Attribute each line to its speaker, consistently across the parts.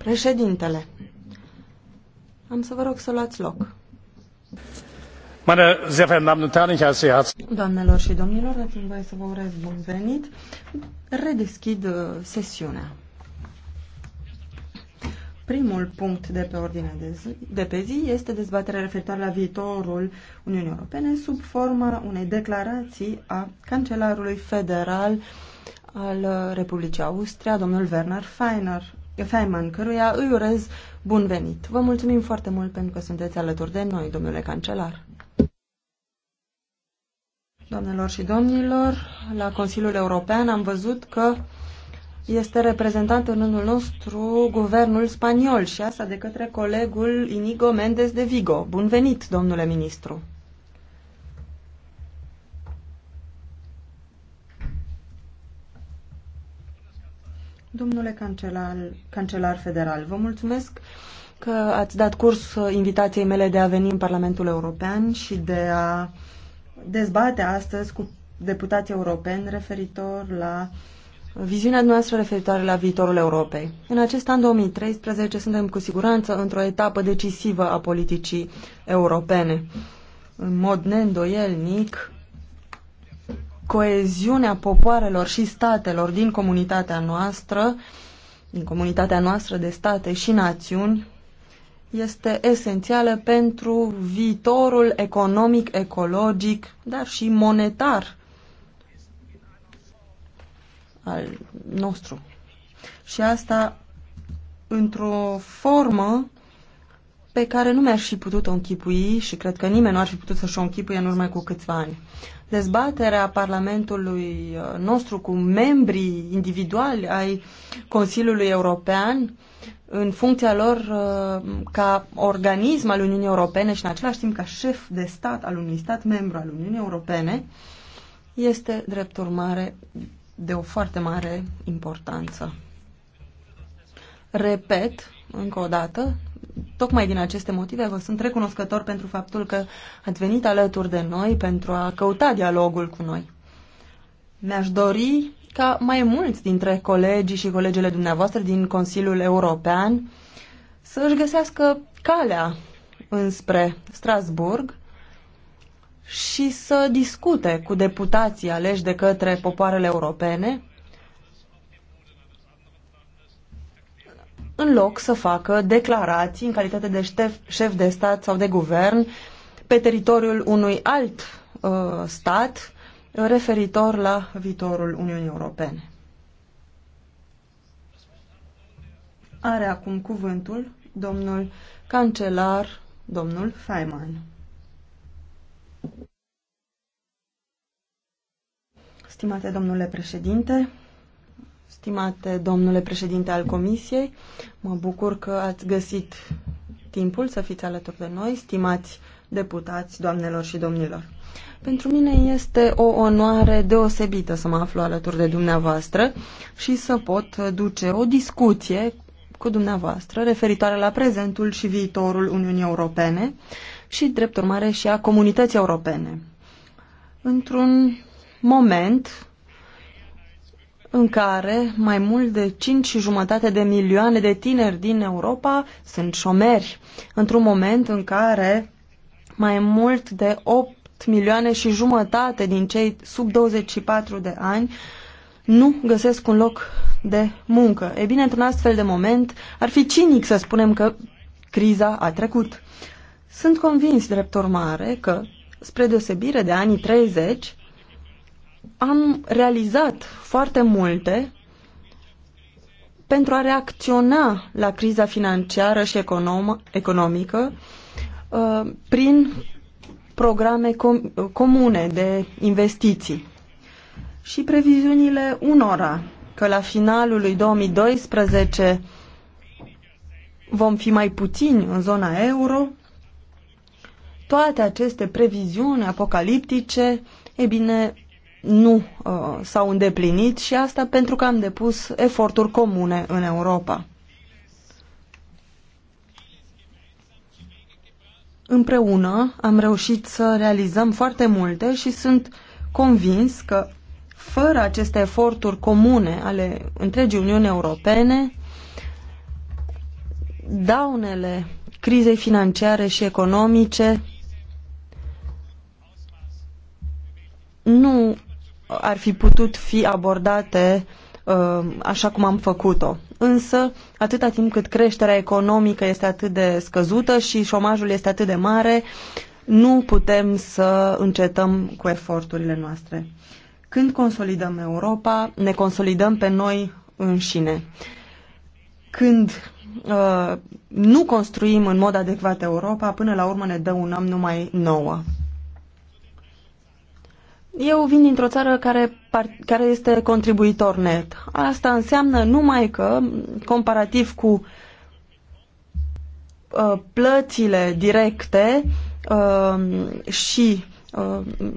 Speaker 1: Președintele, am să vă rog să luați loc. Doamnelor și domnilor, dați-mi voie să vă urez bun venit. Redeschid uh, sesiunea. Primul punct de pe ordine de, zi, de pe zi este dezbaterea referitoare la viitorul Uniunii Europene sub forma unei declarații a Cancelarului Federal al uh, Republicii Austria, domnul Werner Feiner, Feynman, căruia îi urez bun venit. Vă mulțumim foarte mult pentru că sunteți alături de noi, domnule cancelar. Doamnelor și domnilor, la Consiliul European am văzut că este reprezentat în rândul nostru guvernul spaniol și asta de către colegul Inigo Mendes de Vigo. Bun venit, domnule ministru! Domnule cancelar, cancelar federal, vă mulțumesc că ați dat curs invitației mele de a veni în Parlamentul European și de a dezbate astăzi cu deputații europeni referitor la viziunea noastră referitoare la viitorul Europei. În acest an 2013 suntem cu siguranță într-o etapă decisivă a politicii europene. În mod neîndoielnic, coeziunea popoarelor și statelor din comunitatea noastră, din comunitatea noastră de state și națiuni, este esențială pentru viitorul economic, ecologic, dar și monetar al nostru. Și asta într-o formă pe care nu mi-aș fi putut-o închipui și cred că nimeni nu ar fi putut să-și o închipuie în urmă cu câțiva ani. Dezbaterea Parlamentului uh, nostru cu membrii individuali ai Consiliului European în funcția lor uh, ca organism al Uniunii Europene și în același timp ca șef de stat al unui stat membru al Uniunii Europene este drept urmare de o foarte mare importanță. Repet, încă o dată, tocmai din aceste motive vă sunt recunoscător pentru faptul că ați venit alături de noi pentru a căuta dialogul cu noi. Mi-aș dori ca mai mulți dintre colegii și colegele dumneavoastră din Consiliul European să își găsească calea înspre Strasburg și să discute cu deputații aleși de către popoarele europene în loc să facă declarații în calitate de ștef, șef de stat sau de guvern pe teritoriul unui alt uh, stat uh, referitor la viitorul Uniunii Europene. Are acum cuvântul domnul cancelar, domnul Feynman. Stimate domnule președinte, Stimate domnule președinte al Comisiei, mă bucur că ați găsit timpul să fiți alături de noi, stimați deputați, doamnelor și domnilor. Pentru mine este o onoare deosebită să mă aflu alături de dumneavoastră și să pot duce o discuție cu dumneavoastră referitoare la prezentul și viitorul Uniunii Europene și, drept urmare, și a comunității europene. Într-un moment în care mai mult de 5 și jumătate de milioane de tineri din Europa sunt șomeri, într-un moment în care mai mult de 8 milioane și jumătate din cei sub 24 de ani nu găsesc un loc de muncă. E bine, într-un astfel de moment, ar fi cinic să spunem că criza a trecut. Sunt convins, drept urmare, că, spre deosebire de anii 30, am realizat foarte multe pentru a reacționa la criza financiară și econom- economică uh, prin programe com- comune de investiții. Și previziunile unora că la finalul lui 2012 vom fi mai puțini în zona euro, toate aceste previziuni apocaliptice, e bine, nu uh, s-au îndeplinit și asta pentru că am depus eforturi comune în Europa. Împreună am reușit să realizăm foarte multe și sunt convins că fără aceste eforturi comune ale întregii Uniuni Europene, daunele crizei financiare și economice nu ar fi putut fi abordate uh, așa cum am făcut-o. Însă, atâta timp cât creșterea economică este atât de scăzută și șomajul este atât de mare, nu putem să încetăm cu eforturile noastre. Când consolidăm Europa, ne consolidăm pe noi înșine. Când uh, nu construim în mod adecvat Europa, până la urmă ne dăunăm numai nouă. Eu vin dintr-o țară care, care este contribuitor net. Asta înseamnă numai că, comparativ cu uh, plățile directe uh, și uh,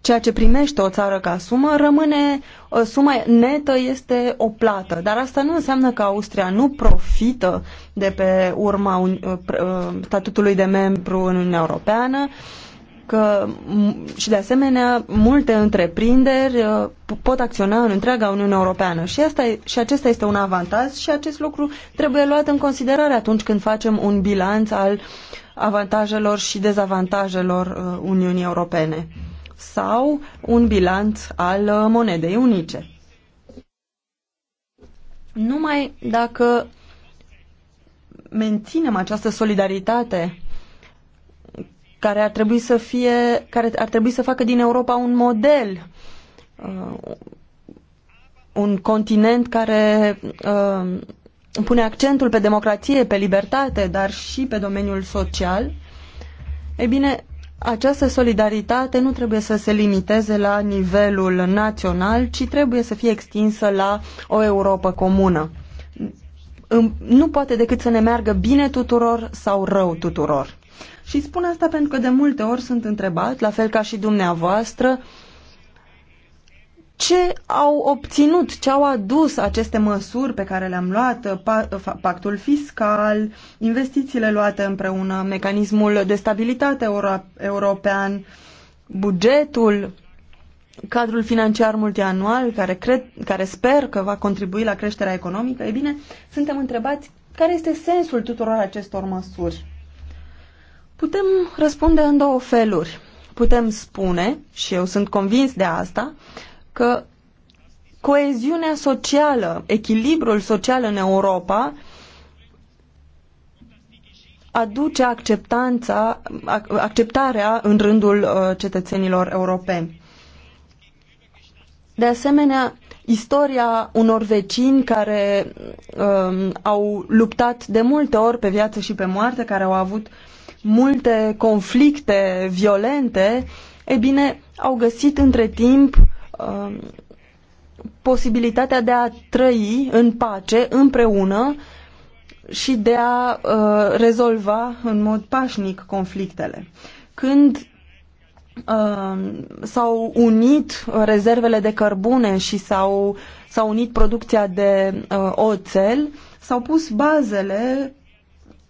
Speaker 1: ceea ce primește o țară ca sumă, rămâne, uh, suma netă este o plată. Dar asta nu înseamnă că Austria nu profită de pe urma un, uh, uh, statutului de membru în Uniunea Europeană, uh, că și de asemenea multe întreprinderi uh, pot acționa în întreaga Uniune Europeană și, asta e, și acesta este un avantaj și acest lucru trebuie luat în considerare atunci când facem un bilanț al avantajelor și dezavantajelor uh, Uniunii Europene sau un bilanț al uh, monedei unice. Numai dacă menținem această solidaritate care ar trebui să fie, care ar trebui să facă din Europa un model, uh, un continent care uh, pune accentul pe democrație, pe libertate, dar și pe domeniul social. E bine, această solidaritate nu trebuie să se limiteze la nivelul național, ci trebuie să fie extinsă la o Europa comună. Nu poate decât să ne meargă bine tuturor sau rău tuturor. Și spun asta pentru că de multe ori sunt întrebat, la fel ca și dumneavoastră, ce au obținut, ce au adus aceste măsuri pe care le-am luat, pactul fiscal, investițiile luate împreună, mecanismul de stabilitate european, bugetul, cadrul financiar multianual, care, cred, care sper că va contribui la creșterea economică, e bine, suntem întrebați care este sensul tuturor acestor măsuri. Putem răspunde în două feluri. Putem spune, și eu sunt convins de asta, că coeziunea socială, echilibrul social în Europa aduce acceptanța, acceptarea în rândul uh, cetățenilor europeni. De asemenea, istoria unor vecini care um, au luptat de multe ori pe viață și pe moarte, care au avut multe conflicte violente, e bine, au găsit între timp uh, posibilitatea de a trăi în pace împreună și de a uh, rezolva în mod pașnic conflictele. Când uh, s-au unit rezervele de cărbune și s-au, s-au unit producția de uh, oțel, s-au pus bazele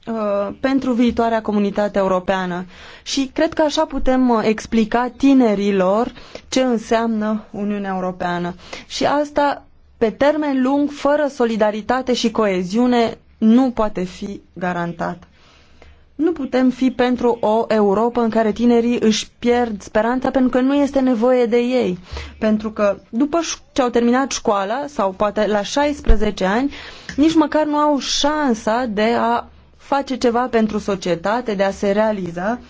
Speaker 1: Uh, pentru viitoarea comunitate europeană. Și cred că așa putem uh, explica tinerilor ce înseamnă Uniunea Europeană. Și asta, pe termen lung, fără solidaritate și coeziune, nu poate fi garantat. Nu putem fi pentru o Europa în care tinerii își pierd speranța pentru că nu este nevoie de ei. Pentru că după ce au terminat școala sau poate la 16 ani, nici măcar nu au șansa de a face ceva pentru societate, de a se realiza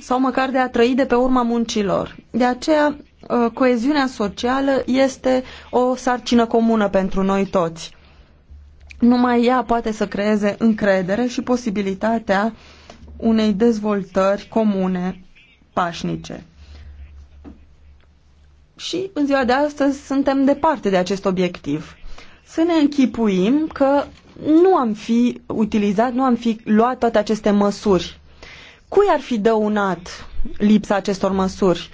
Speaker 1: sau măcar de a trăi de pe urma muncilor. De aceea, ă, coeziunea socială este o sarcină comună pentru noi toți. Numai ea poate să creeze încredere și posibilitatea unei dezvoltări comune pașnice. Și în ziua de astăzi suntem departe de acest obiectiv. Să ne închipuim că nu am fi utilizat, nu am fi luat toate aceste măsuri. Cui ar fi dăunat lipsa acestor măsuri?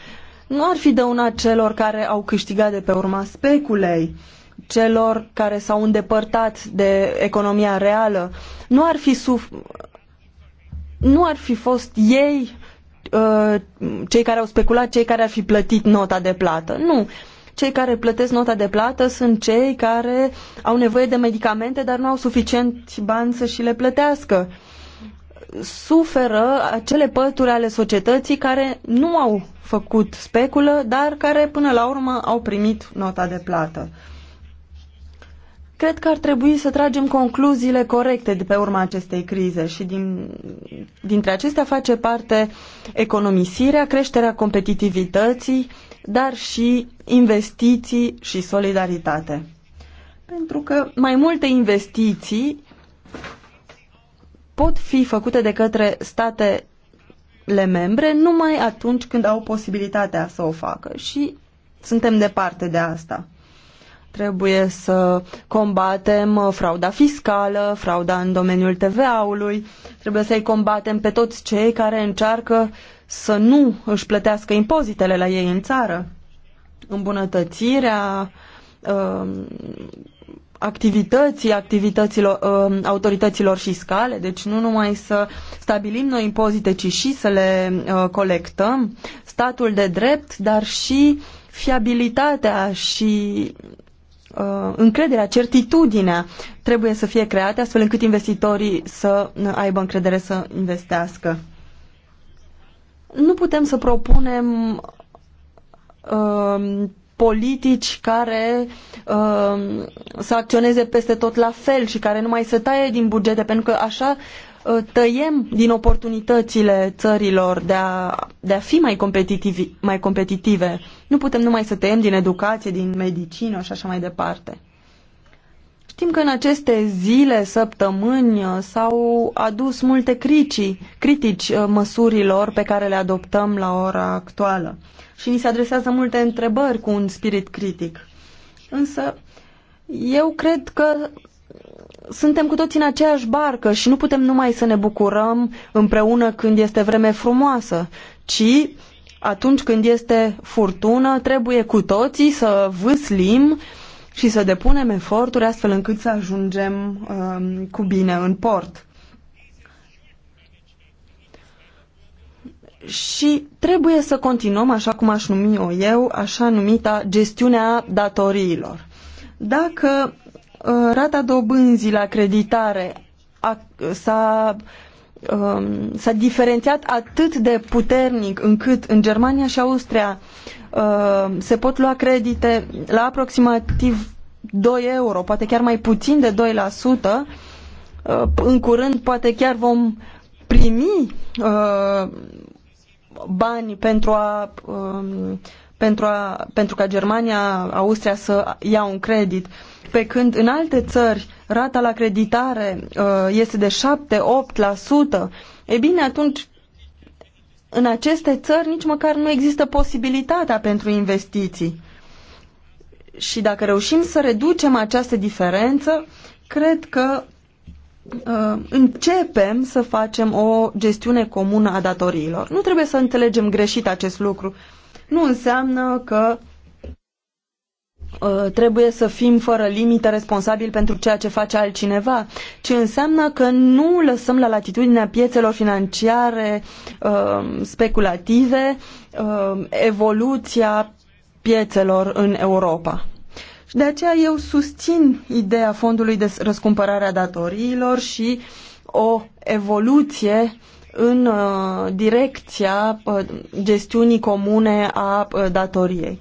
Speaker 1: Nu ar fi dăunat celor care au câștigat de pe urma speculei, celor care s-au îndepărtat de economia reală. Nu ar fi, suf- nu ar fi fost ei uh, cei care au speculat, cei care ar fi plătit nota de plată. Nu cei care plătesc nota de plată sunt cei care au nevoie de medicamente, dar nu au suficient bani să și le plătească. Suferă acele pături ale societății care nu au făcut speculă, dar care până la urmă au primit nota de plată. Cred că ar trebui să tragem concluziile corecte de pe urma acestei crize și din, dintre acestea face parte economisirea, creșterea competitivității, dar și investiții și solidaritate. Pentru că mai multe investiții pot fi făcute de către statele membre numai atunci când au posibilitatea să o facă și suntem departe de asta. Trebuie să combatem frauda fiscală, frauda în domeniul TVA-ului, trebuie să-i combatem pe toți cei care încearcă să nu își plătească impozitele la ei în țară. Îmbunătățirea um, activității activităților, uh, autorităților fiscale, deci nu numai să stabilim noi impozite, ci și să le uh, colectăm, statul de drept, dar și fiabilitatea și uh, încrederea, certitudinea trebuie să fie create astfel încât investitorii să uh, aibă încredere să investească. Nu putem să propunem uh, politici care uh, să acționeze peste tot la fel și care numai să taie din bugete, pentru că așa uh, tăiem din oportunitățile țărilor de a, de a fi mai, competitivi, mai competitive. Nu putem numai să tăiem din educație, din medicină și așa mai departe. Știm că în aceste zile, săptămâni uh, s-au adus multe critici, critici uh, măsurilor pe care le adoptăm la ora actuală și ni se adresează multe întrebări cu un spirit critic. Însă eu cred că suntem cu toții în aceeași barcă și nu putem numai să ne bucurăm împreună când este vreme frumoasă, ci atunci când este furtună trebuie cu toții să vâslim uh, și să depunem eforturi astfel încât să ajungem uh, cu bine în port. Și trebuie să continuăm, așa cum aș numi-o eu, așa numita gestiunea datoriilor. Dacă uh, rata dobânzii la creditare s-a Um, s-a diferențiat atât de puternic încât în Germania și Austria um, se pot lua credite la aproximativ 2 euro, poate chiar mai puțin de 2%. sută, uh, în curând poate chiar vom primi uh, bani pentru a um, pentru, a, pentru ca Germania, Austria să ia un credit. Pe când în alte țări rata la creditare uh, este de 7-8%, e bine, atunci în aceste țări nici măcar nu există posibilitatea pentru investiții. Și dacă reușim să reducem această diferență, cred că uh, începem să facem o gestiune comună a datoriilor. Nu trebuie să înțelegem greșit acest lucru. Uh, nu înseamnă că uh, trebuie să fim fără limită responsabili pentru ceea ce face altcineva, ci înseamnă că nu lăsăm la latitudinea piețelor financiare uh, speculative uh, evoluția piețelor în Europa. Și de aceea eu susțin ideea fondului de răscumpărare a datoriilor și o evoluție în uh, direcția uh, gestiunii comune a uh, datoriei.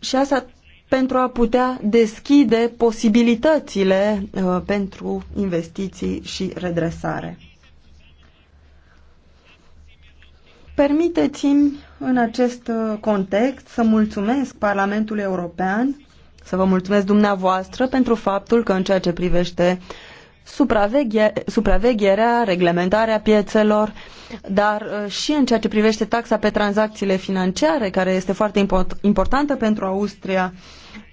Speaker 1: Și asta pentru a putea deschide posibilitățile pentru investiții și redresare. Permiteți-mi în acest context să mulțumesc Parlamentului European, să vă mulțumesc dumneavoastră pentru faptul că în ceea ce privește uh, supraveghe, supravegherea, reglementarea piețelor, dar uh, și în ceea ce privește taxa pe tranzacțiile financiare, care este foarte importantă pentru Austria,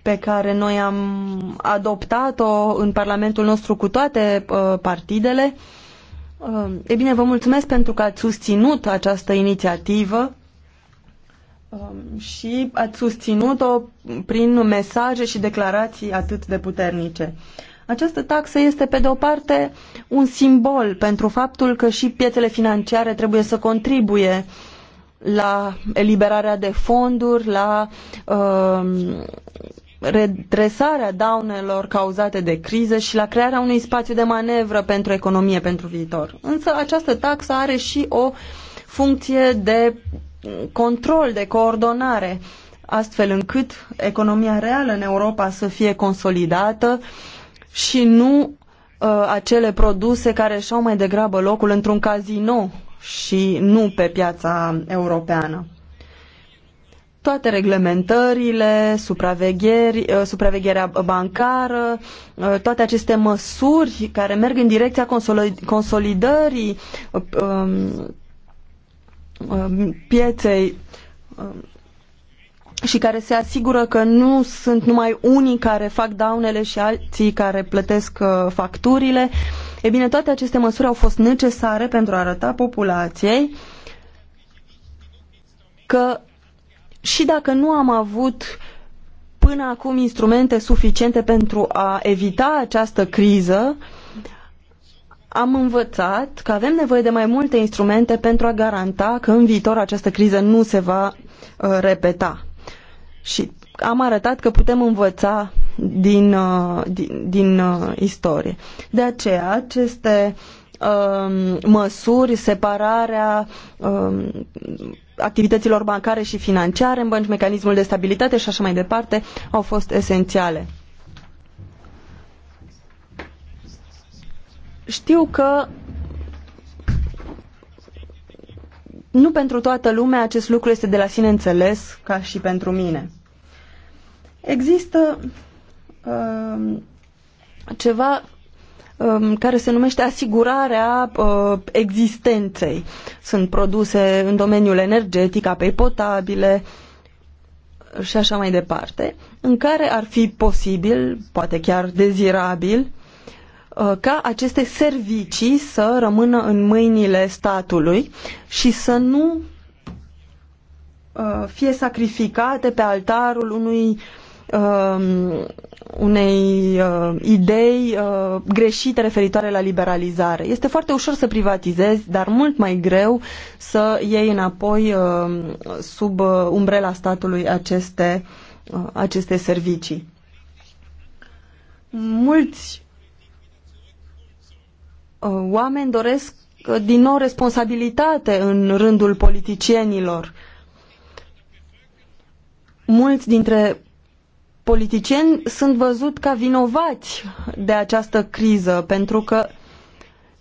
Speaker 1: pe care noi am adoptat-o în Parlamentul nostru cu toate uh, partidele. Uh, e bine, vă mulțumesc pentru că ați susținut această inițiativă um, și ați susținut-o prin mesaje și declarații atât de puternice. Această taxă este, pe de o parte, un simbol pentru faptul că și piețele financiare trebuie să contribuie la eliberarea de fonduri, la uh, redresarea daunelor cauzate de criză și la crearea unui spațiu de manevră pentru economie pentru viitor. Însă această taxă are și o funcție de control, de coordonare, astfel încât economia reală în Europa să fie consolidată uh, și nu uh, acele produse care și-au mai degrabă locul într-un casino și nu pe piața europeană. Toate reglementările, supravegheri, uh, supravegherea bancară, uh, toate aceste măsuri care merg în direcția consolidării uh, um, uh, pieței um, și care se asigură că nu sunt numai unii care fac daunele și alții care plătesc uh, facturile. E bine, toate aceste măsuri au fost necesare pentru a arăta populației că și dacă nu am avut până acum instrumente suficiente pentru a evita această criză, am învățat că avem nevoie de mai multe instrumente pentru a garanta că în viitor această criză nu se va uh, repeta. Și am arătat că putem învăța din, uh, din, din uh, istorie. De aceea, aceste um, măsuri, separarea um, activităților bancare și financiare în bănci, mecanismul de stabilitate și așa mai departe, au fost esențiale. Știu că nu pentru toată lumea acest lucru este de la sine înțeles, ca și pentru mine. Există uh, ceva um, care se numește asigurarea uh, existenței. Sunt produse în domeniul energetic, apei potabile și așa mai departe, în care ar fi posibil, poate chiar dezirabil, Uh, ca aceste servicii să rămână în mâinile statului și să nu uh, fie sacrificate pe altarul unui um, unei uh, idei greșite referitoare la liberalizare. Este foarte ușor să privatizezi, dar mult mai greu să iei înapoi sub umbrela statului aceste, aceste servicii. Mulți Uh, oameni doresc uh, din nou responsabilitate în rândul politicienilor. Mulți dintre politicieni sunt văzut ca vinovați de această criză, pentru că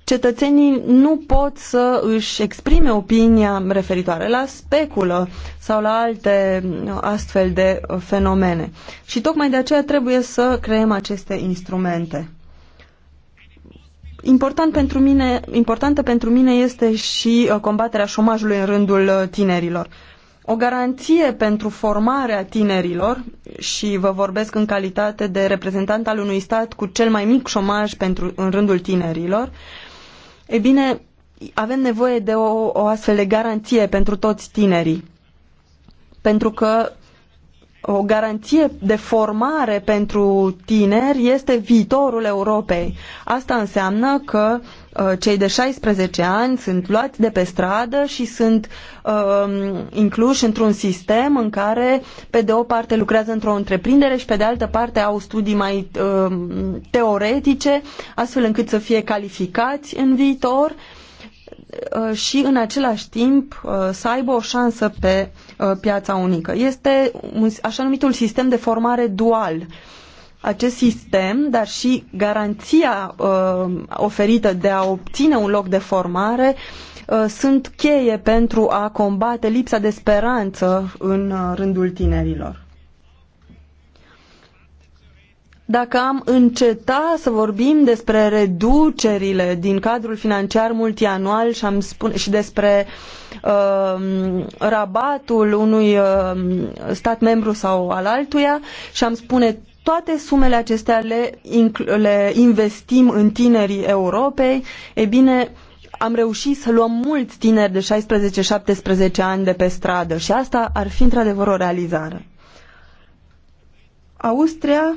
Speaker 1: cetățenii nu pot să își exprime opinia referitoare la speculă sau la alte uh, astfel de fenomene. Și tocmai de aceea trebuie să creăm aceste instrumente. Important pentru mine, importantă pentru mine este și uh, combaterea șomajului în rândul uh, tinerilor. O garanție pentru formarea tinerilor, și vă vorbesc în calitate de reprezentant al unui stat cu cel mai mic șomaj pentru, în rândul tinerilor, e bine, avem nevoie de o, o astfel de garanție pentru toți tinerii. Pentru că o garanție de formare pentru tineri este viitorul Europei. Asta înseamnă că uh, cei de 16 ani sunt luați de pe stradă și sunt uh, incluși într-un sistem în care, pe de o parte, lucrează într-o întreprindere și, pe de altă parte, au studii mai uh, teoretice, astfel încât să fie calificați în viitor uh, și, în același timp, uh, să aibă o șansă pe uh, Uh, piața unică. Este un așa numitul sistem de formare dual. Acest sistem, dar și garanția uh, oferită de a obține un loc de formare uh, sunt cheie pentru a combate lipsa de speranță în uh, rândul tinerilor dacă am înceta să vorbim despre reducerile din cadrul financiar multianual și, am spune, și despre uh, rabatul unui uh, stat membru sau al altuia și am spune toate sumele acestea le, le investim în tinerii Europei, e bine, am reușit să luăm mulți tineri de 16-17 ani de pe stradă și asta ar fi într-adevăr o realizare. Austria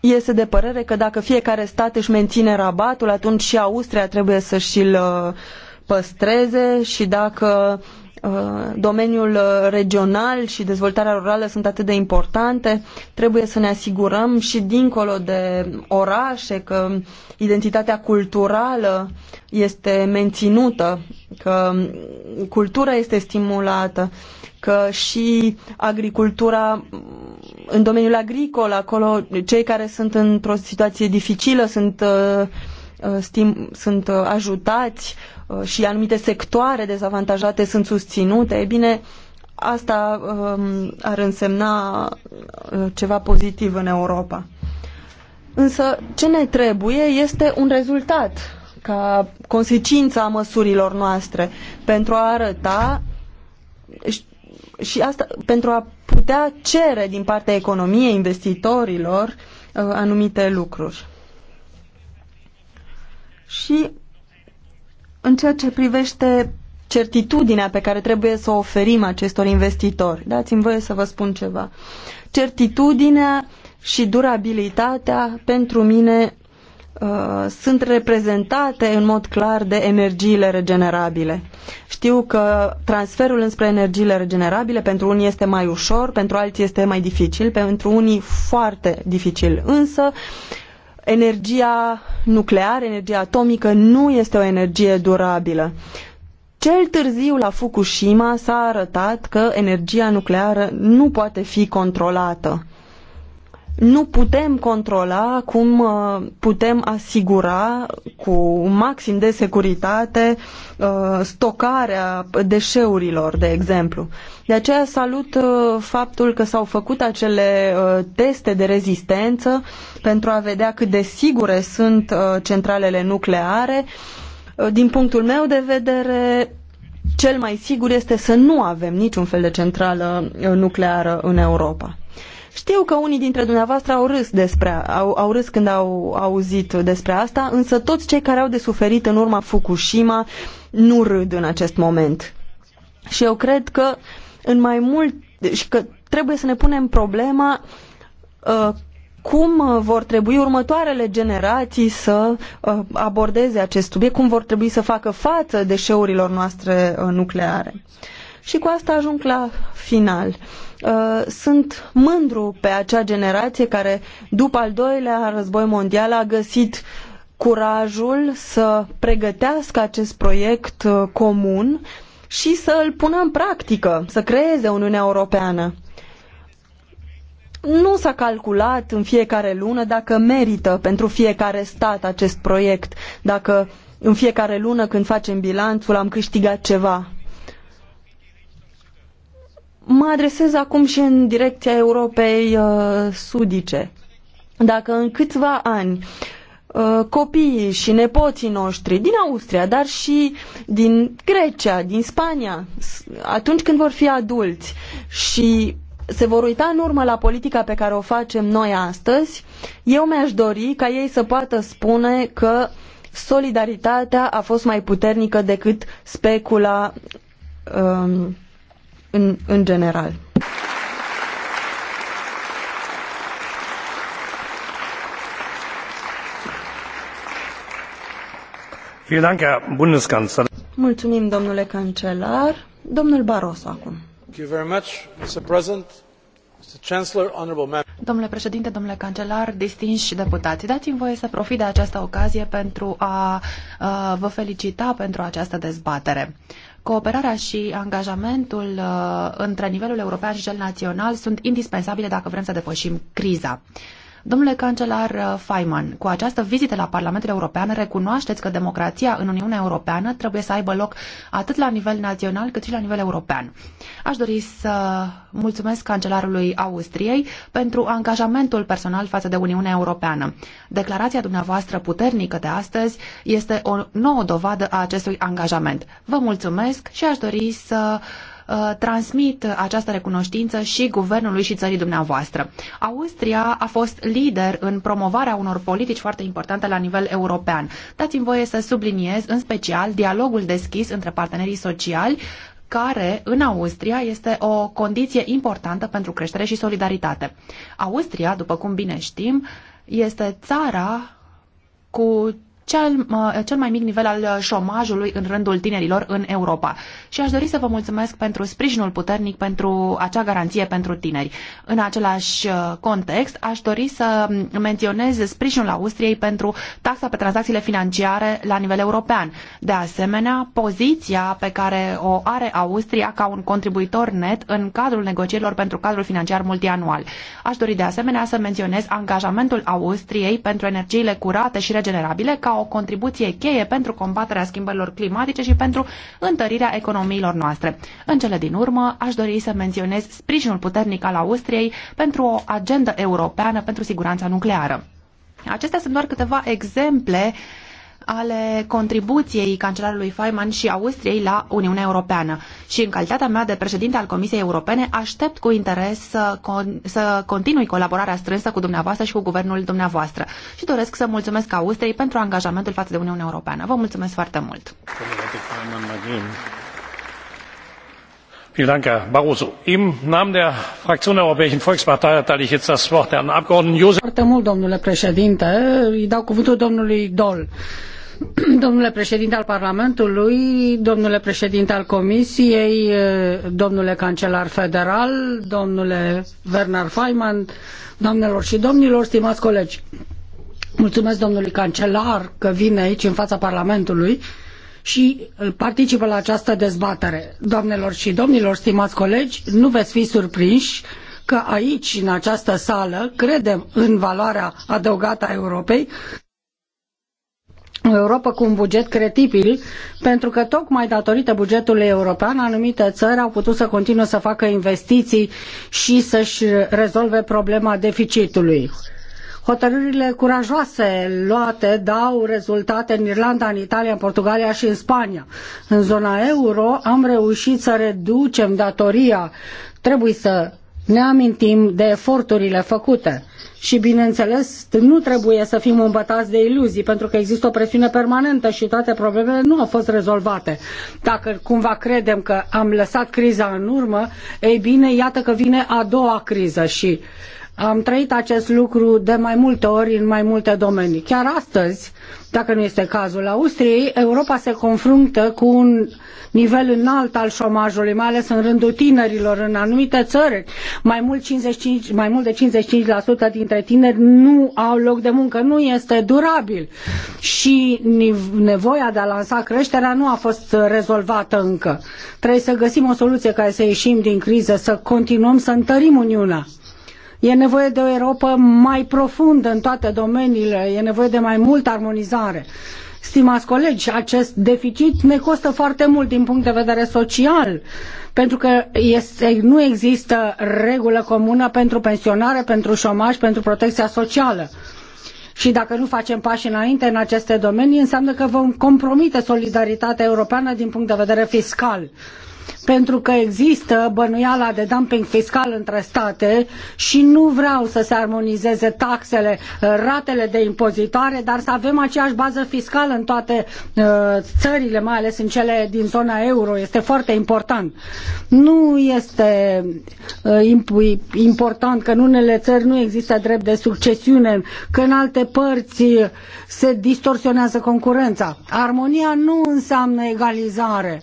Speaker 1: este de părere că dacă fiecare stat își menține rabatul, atunci și Austria trebuie să și-l uh, păstreze și dacă uh, domeniul uh, regional și dezvoltarea rurală sunt atât de importante, trebuie să ne asigurăm și dincolo de orașe că identitatea culturală este menținută, că cultura este stimulată, că și agricultura în domeniul agricol, acolo cei care sunt într-o situație dificilă sunt, uh, uh, stim, sunt uh, ajutați și anumite sectoare dezavantajate sunt susținute. E bine, asta um, ar însemna ceva pozitiv în Europa. Însă ce ne trebuie este un rezultat ca consecința a măsurilor noastre pentru a arăta și asta pentru a putea cere din partea economiei investitorilor uh, anumite lucruri. Și în ceea ce privește certitudinea pe care trebuie să o oferim acestor investitori, dați-mi voie să vă spun ceva. Certitudinea și durabilitatea pentru mine Uh, sunt reprezentate în mod clar de energiile regenerabile. Știu că transferul înspre energiile regenerabile pentru unii este mai ușor, pentru alții este mai dificil, pentru unii foarte dificil. Însă, energia nucleară, energia atomică nu este o energie durabilă. Cel târziu la Fukushima s-a arătat că energia nucleară nu poate fi controlată nu putem controla cum uh, putem asigura cu maxim de securitate uh, stocarea deșeurilor, de exemplu. De aceea salut uh, faptul că s-au făcut acele teste de rezistență pentru a vedea cât de sigure sunt centralele nucleare. Din punctul meu de vedere, cel mai sigur este să nu avem niciun fel de centrală nucleară în Europa. Știu că unii dintre dumneavoastră au râs, despre, au, au râs când au auzit despre asta, însă toți cei care au de suferit în urma Fukushima nu râd în acest moment. Și eu cred că în mai mult și că trebuie să ne punem problema uh, cum vor trebui următoarele generații să uh, abordeze acest subiect, cum vor trebui să facă față deșeurilor noastre uh, nucleare. Uh, și cu asta ajung la final. Uh, sunt mândru pe acea generație care, după al doilea război mondial, a găsit curajul să pregătească acest proiect uh, comun și să îl pună în practică, să creeze Uniunea Europeană. Nu s-a calculat în fiecare lună dacă merită pentru fiecare stat acest proiect, dacă în fiecare lună când facem bilanțul am câștigat ceva. Mă adresez acum și în direcția Europei uh, sudice. Dacă în câțiva ani uh, copiii și nepoții noștri din Austria, dar și din Grecia, din Spania, atunci când vor fi adulți și se vor uita în urmă la politica pe care o facem noi astăzi, eu mi-aș dori ca ei să poată spune că solidaritatea a fost mai puternică decât specula um, în, în general. Mulțumim, domnule cancelar. Domnul Barroso acum.
Speaker 2: Domnule președinte, domnule cancelar, distinși deputați, dați-mi voie să profit de această ocazie pentru a, uh, vă felicita pentru această dezbatere. Cooperarea și angajamentul uh, între nivelul european și cel național sunt indispensabile dacă vrem să depășim criza. Domnule cancelar uh, Feynman, cu această vizită la Parlamentul European recunoașteți că democrația în Uniunea Europeană trebuie să aibă loc atât la nivel național cât și la nivel european. Aș dori să mulțumesc cancelarului Austriei pentru angajamentul personal față de Uniunea Europeană. Declarația dumneavoastră puternică de astăzi este o nouă dovadă a acestui angajament. Vă mulțumesc și aș dori să Uh, transmit această recunoștință și guvernului și țării dumneavoastră. Austria a fost lider în promovarea unor politici foarte importante la nivel european. Dați-mi voie să subliniez în special dialogul deschis între partenerii sociali care în Austria este o condiție importantă pentru creștere și solidaritate. Austria, după cum bine știm, este țara cu cel, cel mai mic nivel al șomajului în rândul tinerilor în Europa. Și aș dori să vă mulțumesc pentru sprijinul puternic pentru acea garanție pentru tineri. În același uh, context, aș dori să menționez sprijinul Austriei pentru taxa pe tranzacțiile financiare la nivel european. De asemenea, poziția pe care o are Austria ca un contribuitor net în cadrul negocierilor pentru cadrul financiar multianual. Aș dori de asemenea să menționez angajamentul Austriei pentru energiile curate și regenerabile ca o o contribuție cheie pentru combaterea schimbărilor climatice și pentru întărirea economiilor noastre. În cele din urmă, aș dori să menționez sprijinul puternic al Austriei pentru o agendă europeană pentru siguranța nucleară. Acestea sunt doar câteva exemple ale contribuției cancelarului Feynman și Austriei la Uniunea Europeană și în calitatea mea de președinte al Comisiei Europene aștept cu interes să, con- să continui colaborarea strânsă cu dumneavoastră și cu guvernul dumneavoastră și doresc să mulțumesc Austriei pentru angajamentul față de Uniunea Europeană. Vă mulțumesc foarte mult!
Speaker 3: herr barroso! im namen der fraktion der europäischen volkspartei erteile ich jetzt das wort herrn abgeordneten joseph.
Speaker 4: domnule președinte îi dau cuvântul domnului Dol. Domnule președinte al Parlamentului, domnule președinte al Comisiei, domnule cancelar federal, domnule Werner Faymann, doamnelor și domnilor, stimați colegi. Mulțumesc domnului cancelar că vine aici în fața Parlamentului și uh, participă la această dezbatere. Doamnelor și domnilor, stimați colegi, nu veți fi surprinși că aici, în această sală, credem în valoarea adăugată a Europei o Europa cu un buget credibil, pentru că tocmai datorită bugetului european, anumite țări au putut să continue să facă investiții și să-și rezolve problema deficitului. Hotărârile curajoase luate dau rezultate în Irlanda, în Italia, în Portugalia și în Spania. În zona euro am reușit să reducem datoria. Trebuie să ne amintim de eforturile făcute. Și bineînțeles, nu trebuie să fim îmbătați de iluzii, pentru că există o presiune permanentă și toate problemele nu au fost rezolvate. Dacă cumva credem că am lăsat criza în urmă, ei bine, iată că vine a doua criză și am trăit acest lucru de mai multe ori în mai multe domenii. Chiar astăzi, dacă nu este cazul Austriei, Europa se confruntă cu un nivel înalt al șomajului, mai ales în rândul tinerilor în anumite țări. Mai mult, 55, mai mult de 55% dintre tineri nu au loc de muncă, nu este durabil și nevoia de a lansa creșterea nu a fost rezolvată încă. Trebuie să găsim o soluție care să ieșim din criză, să continuăm să întărim Uniunea. E nevoie de o Europa mai profundă în toate domeniile, e nevoie de mai multă armonizare. Stimați colegi, acest deficit ne costă foarte mult din punct de vedere social, pentru că este, nu există regulă comună pentru pensionare, pentru șomaj, pentru protecția socială. Și dacă nu facem pași înainte în aceste domenii, înseamnă că vom compromite solidaritatea europeană din punct de vedere fiscal pentru că există bănuiala de dumping fiscal între state și nu vreau să se armonizeze taxele, uh, ratele de impozitare, dar să avem aceeași bază fiscală în toate uh, țările, mai ales în cele din zona euro. Este foarte important. Nu este uh, important că în unele țări nu există drept de succesiune, că în alte părți uh, se distorsionează concurența. Armonia nu înseamnă egalizare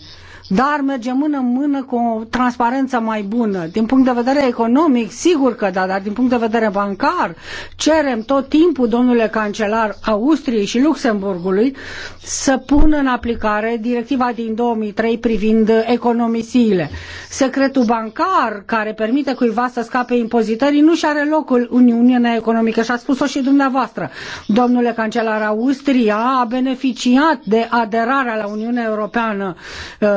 Speaker 4: dar merge mână în mână cu o transparență mai bună. Din punct de vedere economic, sigur că da, dar din punct de vedere bancar, cerem tot timpul, domnule cancelar Austriei și Luxemburgului, să pună în aplicare directiva din 2003 privind economisiile. Secretul bancar, care permite cuiva să scape impozitării, nu și are locul Uniunea Economică și a spus-o și dumneavoastră. Domnule cancelar Austria a beneficiat de aderarea la Uniunea Europeană uh,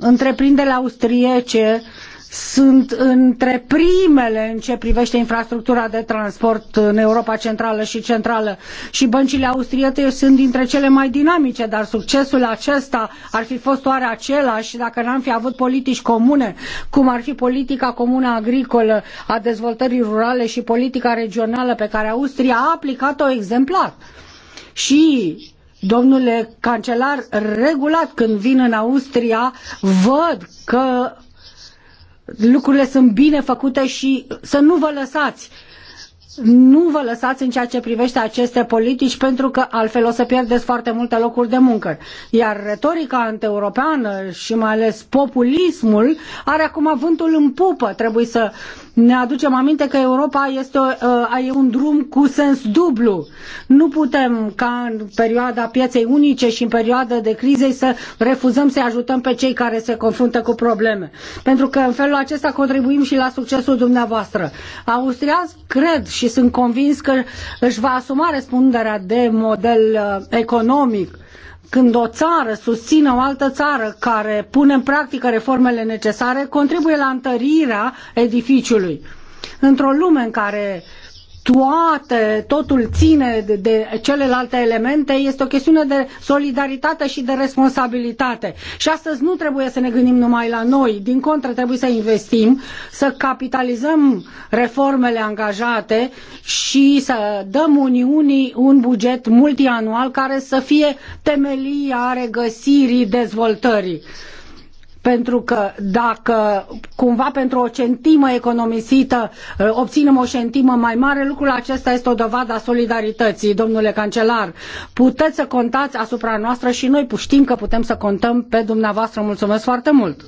Speaker 4: Întreprinderile austriece sunt între primele în ce privește infrastructura de transport în Europa Centrală și Centrală și băncile austriece sunt dintre cele mai dinamice, dar succesul acesta ar fi fost oare același dacă n-am fi avut politici comune, cum ar fi politica comună agricolă a dezvoltării rurale și politica regională pe care Austria a aplicat-o exemplar. Și Domnule cancelar, regulat când vin în Austria, văd că lucrurile sunt bine făcute și să nu vă lăsați nu vă lăsați în ceea ce privește aceste politici pentru că altfel o să pierdeți foarte multe locuri de muncă. Iar retorica antieuropeană și mai ales populismul are acum vântul în pupă. Trebuie să ne aducem aminte că Europa este uh, e un drum cu sens dublu. Nu putem ca în perioada pieței unice și în perioada de crizei să refuzăm să ajutăm pe cei care se confruntă cu probleme. Pentru că în felul acesta contribuim și la succesul dumneavoastră. Austriați cred și sunt convins că își va asuma răspunderea de model uh, economic când o țară susține o altă țară care pune în practică reformele necesare, contribuie la întărirea edificiului. Într-o lume în care toate, totul ține de, de celelalte elemente, este o chestiune de solidaritate și de responsabilitate. Și astăzi nu trebuie să ne gândim numai la noi, din contră trebuie să investim, să capitalizăm reformele angajate și să dăm Uniunii un buget multianual care să fie temelia regăsirii dezvoltării pentru că dacă cumva pentru o centimă economisită eh, obținem o centimă mai mare, lucrul acesta este o dovadă a solidarității. Domnule cancelar, puteți să contați asupra noastră și noi știm că putem să contăm pe dumneavoastră. Mulțumesc foarte mult!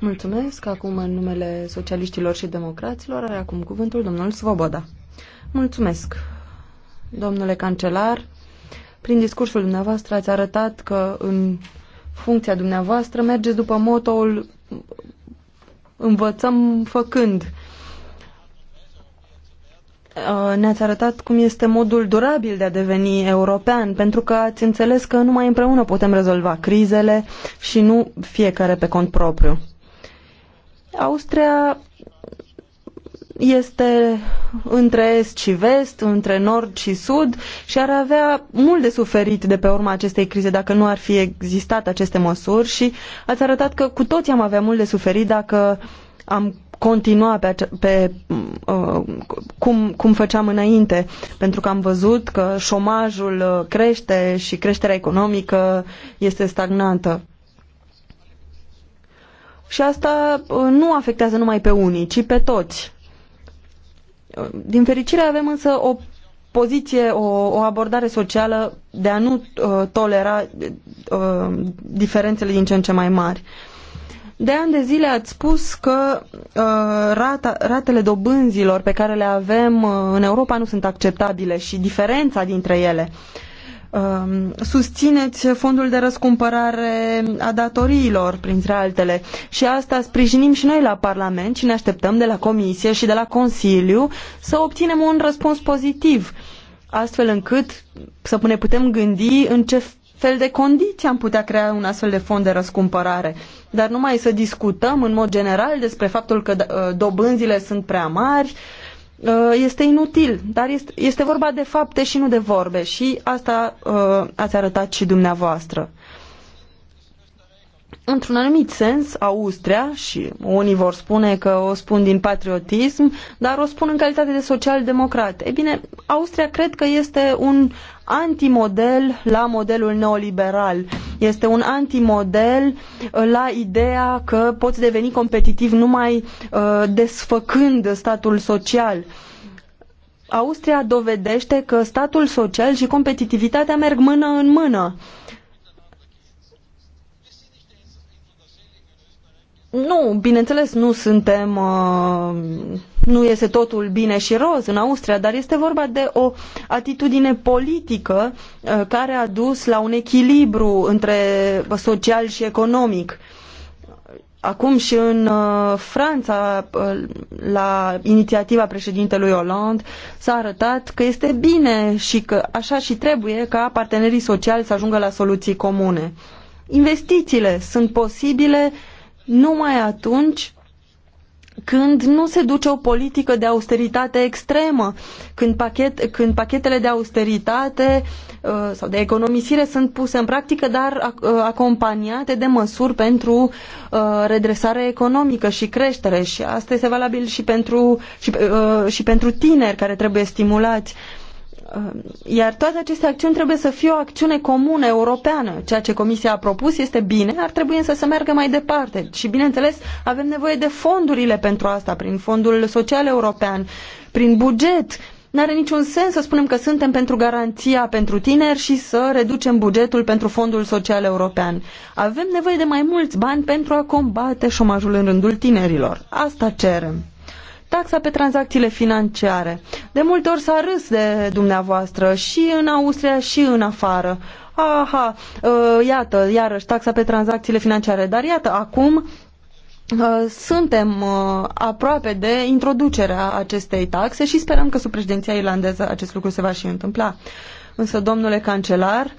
Speaker 1: Mulțumesc. Acum, în numele socialiștilor și democraților, are acum cuvântul domnul Svoboda. Mulțumesc, domnule cancelar. Prin discursul dumneavoastră ați arătat că în funcția dumneavoastră mergeți după motoul învățăm făcând. Uh, ne-ați arătat cum este modul durabil de a deveni european, pentru că ați înțeles că numai împreună putem rezolva crizele și nu fiecare pe cont propriu. Austria este între est și vest, între nord și sud și ar avea mult de suferit de pe urma acestei crize dacă nu ar fi existat aceste măsuri și ați arătat că cu toții am avea mult de suferit dacă am continua pe, pe uh, cum, cum făceam înainte, pentru că am văzut că șomajul uh, crește și creșterea economică este stagnantă. Și asta uh, nu afectează numai pe unii, ci pe toți. Din fericire avem însă o poziție, o, o abordare socială de a nu uh, tolera uh, diferențele din ce în ce mai mari. De ani de zile ați spus că uh, rata, ratele dobânzilor pe care le avem uh, în Europa nu sunt acceptabile și diferența dintre ele. Uh, Um, susțineți fondul de răscumpărare a datoriilor, printre altele. Și asta sprijinim și noi la Parlament și ne așteptăm de la Comisie și de la Consiliu să obținem un răspuns pozitiv, astfel încât să ne putem gândi în ce fel de condiții am putea crea un astfel de fond de răscumpărare. Dar numai să discutăm în mod general despre faptul că uh, dobânzile sunt prea mari, Uh, este inutil, dar este, este vorba de fapte și nu de vorbe și asta uh, ați arătat și dumneavoastră. Într-un anumit sens, Austria, și unii vor spune că o spun din patriotism, dar o spun în calitate de social-democrat. E bine, Austria cred că este un antimodel la modelul neoliberal. Este un antimodel uh, la ideea că poți deveni competitiv numai uh, desfăcând statul social. Austria dovedește că statul social și competitivitatea merg mână în mână Nu, bineînțeles, nu suntem, uh, nu este totul bine și roz în Austria, dar este vorba de o atitudine politică uh, care a dus la un echilibru între social și economic. Acum și în uh, Franța, la inițiativa președintelui Hollande, s-a arătat că este bine și că așa și trebuie ca partenerii sociali să ajungă la soluții comune. Investițiile sunt posibile uh, numai atunci când nu se duce o politică de austeritate extremă, când, pachet, când pachetele de austeritate uh, sau de economisire sunt puse în practică, dar uh, acompaniate de măsuri pentru uh, redresare economică și creștere. Și asta este valabil și pentru, și, uh, și pentru tineri care trebuie stimulați. Uh, Ehm, iar toate aceste acțiuni trebuie să fie o acțiune comună europeană. Ceea ce Comisia a propus este bine, ar trebui însă să meargă mai departe. Și, bineînțeles, avem nevoie de fondurile pentru asta, prin Fondul Social European, prin buget. N-are niciun sens să spunem că suntem pentru garanția pentru tineri și să reducem bugetul pentru Fondul Social European. Avem nevoie de mai mulți bani pentru a combate șomajul în rândul tinerilor. Asta cerem taxa pe tranzacțiile financiare. De multe ori s-a râs de dumneavoastră și în Austria și în afară. Aha, ă, iată, iarăși taxa pe tranzacțiile financiare. Dar iată, acum ă, suntem ă, aproape de introducerea acestei taxe și sperăm că sub președinția irlandeză acest lucru se va și întâmpla. Însă, domnule cancelar,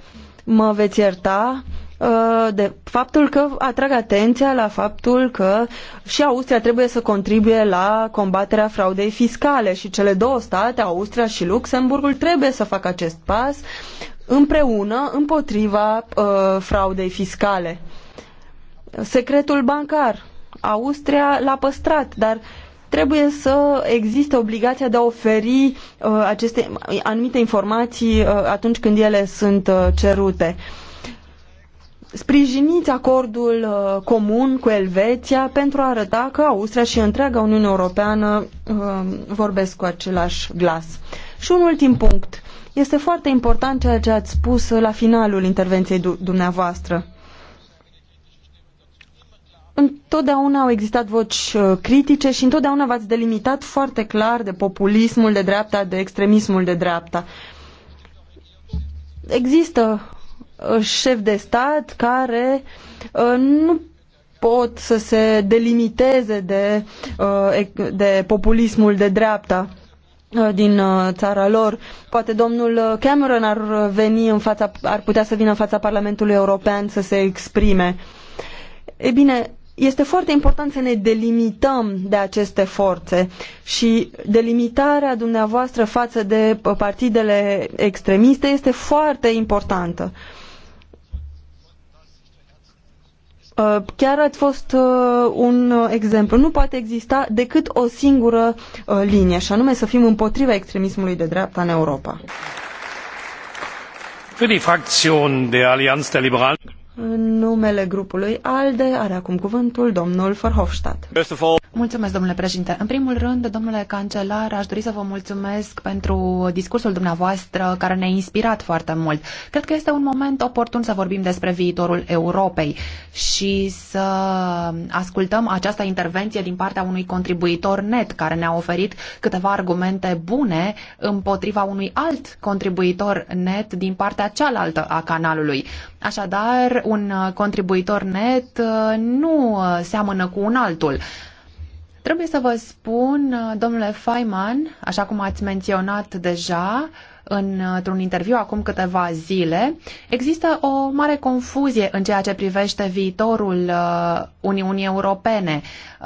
Speaker 1: mă veți ierta, Uh, de faptul că atrag atenția la faptul că și Austria trebuie să contribuie la combaterea fraudei fiscale și cele două state, Austria și Luxemburgul, trebuie să facă acest pas împreună împotriva uh, fraudei fiscale. Secretul bancar. Austria l-a păstrat, dar trebuie să existe obligația de a oferi uh, aceste anumite informații uh, atunci când ele sunt uh, cerute. Uh, sprijiniți acordul uh, comun cu Elveția pentru a arăta că Austria și întreaga Uniune Europeană uh, vorbesc cu același glas. Și un ultim punct. Este foarte important ceea ce ați spus la finalul intervenției dumneavoastră. Întotdeauna au existat voci uh, critice și întotdeauna v-ați delimitat foarte clar de populismul de dreapta, de extremismul de dreapta. Există Uh, șef de stat care uh, nu pot să se delimiteze de, uh, de populismul de dreapta din țara lor. Poate domnul Cameron ar veni în fața, ar putea să vină în fața Parlamentului European să se exprime. E bine, este foarte important să ne delimităm de aceste forțe și delimitarea dumneavoastră față de partidele extremiste este foarte importantă. Uh, Uh, chiar ați fost uh, un uh, exemplu. Nu poate exista decât o singură linie, și anume să fim împotriva extremismului de dreapta în Europa.
Speaker 3: Für die Fraktion der Allianz der Liberalen
Speaker 1: în numele grupului ALDE are acum cuvântul domnul Verhofstadt. Mulțumesc, domnule președinte. În primul rând, domnule cancelar, aș dori să
Speaker 2: vă mulțumesc pentru discursul dumneavoastră care ne-a inspirat foarte mult. Cred că este un moment oportun să vorbim despre viitorul Europei și să ascultăm această intervenție din partea unui contribuitor net care ne-a oferit câteva argumente bune împotriva unui alt contribuitor net din partea cealaltă a canalului. Așadar, un uh, contribuitor net uh, nu uh, seamănă cu un altul. Trebuie să vă spun, domnule Feynman, așa cum ați menționat deja într-un interviu acum câteva zile, există o mare confuzie în ceea ce privește viitorul Uniunii Europene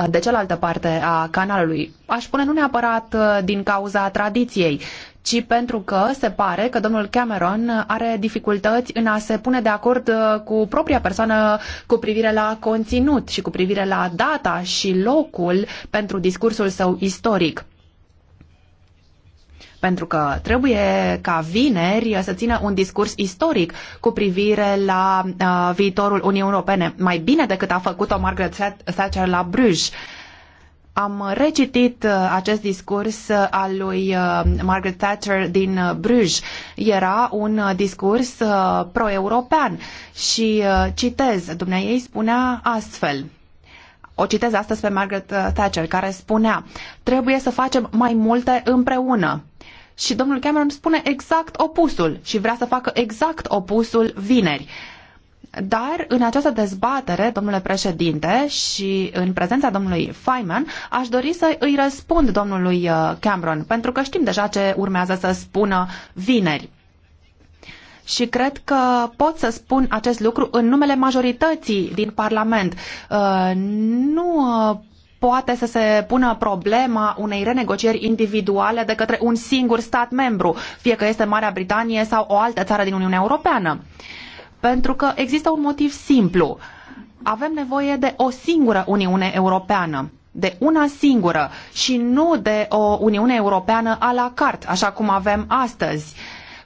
Speaker 2: de cealaltă parte a canalului. Aș spune nu neapărat din cauza tradiției, ci pentru că se pare că domnul Cameron are dificultăți în a se pune de acord uh, cu propria persoană cu privire la conținut și cu privire la data și locul pentru discursul său istoric pentru că trebuie ca vineri să țină un discurs istoric cu privire la uh, viitorul Uniunii Europene, mai bine decât a făcut-o Margaret Thatcher la Bruges. Am recitit uh, acest discurs uh, al lui uh, Margaret Thatcher din Bruges. Era un discurs pro-european și citez, dumnea ei spunea astfel. O citez astăzi pe Margaret Thatcher, care spunea, trebuie să facem mai multe împreună. Și domnul Cameron spune exact opusul și vrea să facă exact opusul vineri. Uh, dar în această dezbatere, domnule președinte, și în prezența domnului Feynman, aș dori să îi răspund domnului uh, Cameron, pentru că știm deja ce urmează să spună vineri. Și cred că pot să spun acest lucru în numele majorității din Parlament. Uh, nu uh, poate să se pună problema unei renegocieri individuale de către un singur stat membru, fie că este Marea Britanie sau o altă țară din Uniunea Europeană. Uh, pentru că există un motiv simplu. Avem nevoie de o singură Uniune Europeană de una singură și nu de o Uniune Europeană a la carte, așa cum avem astăzi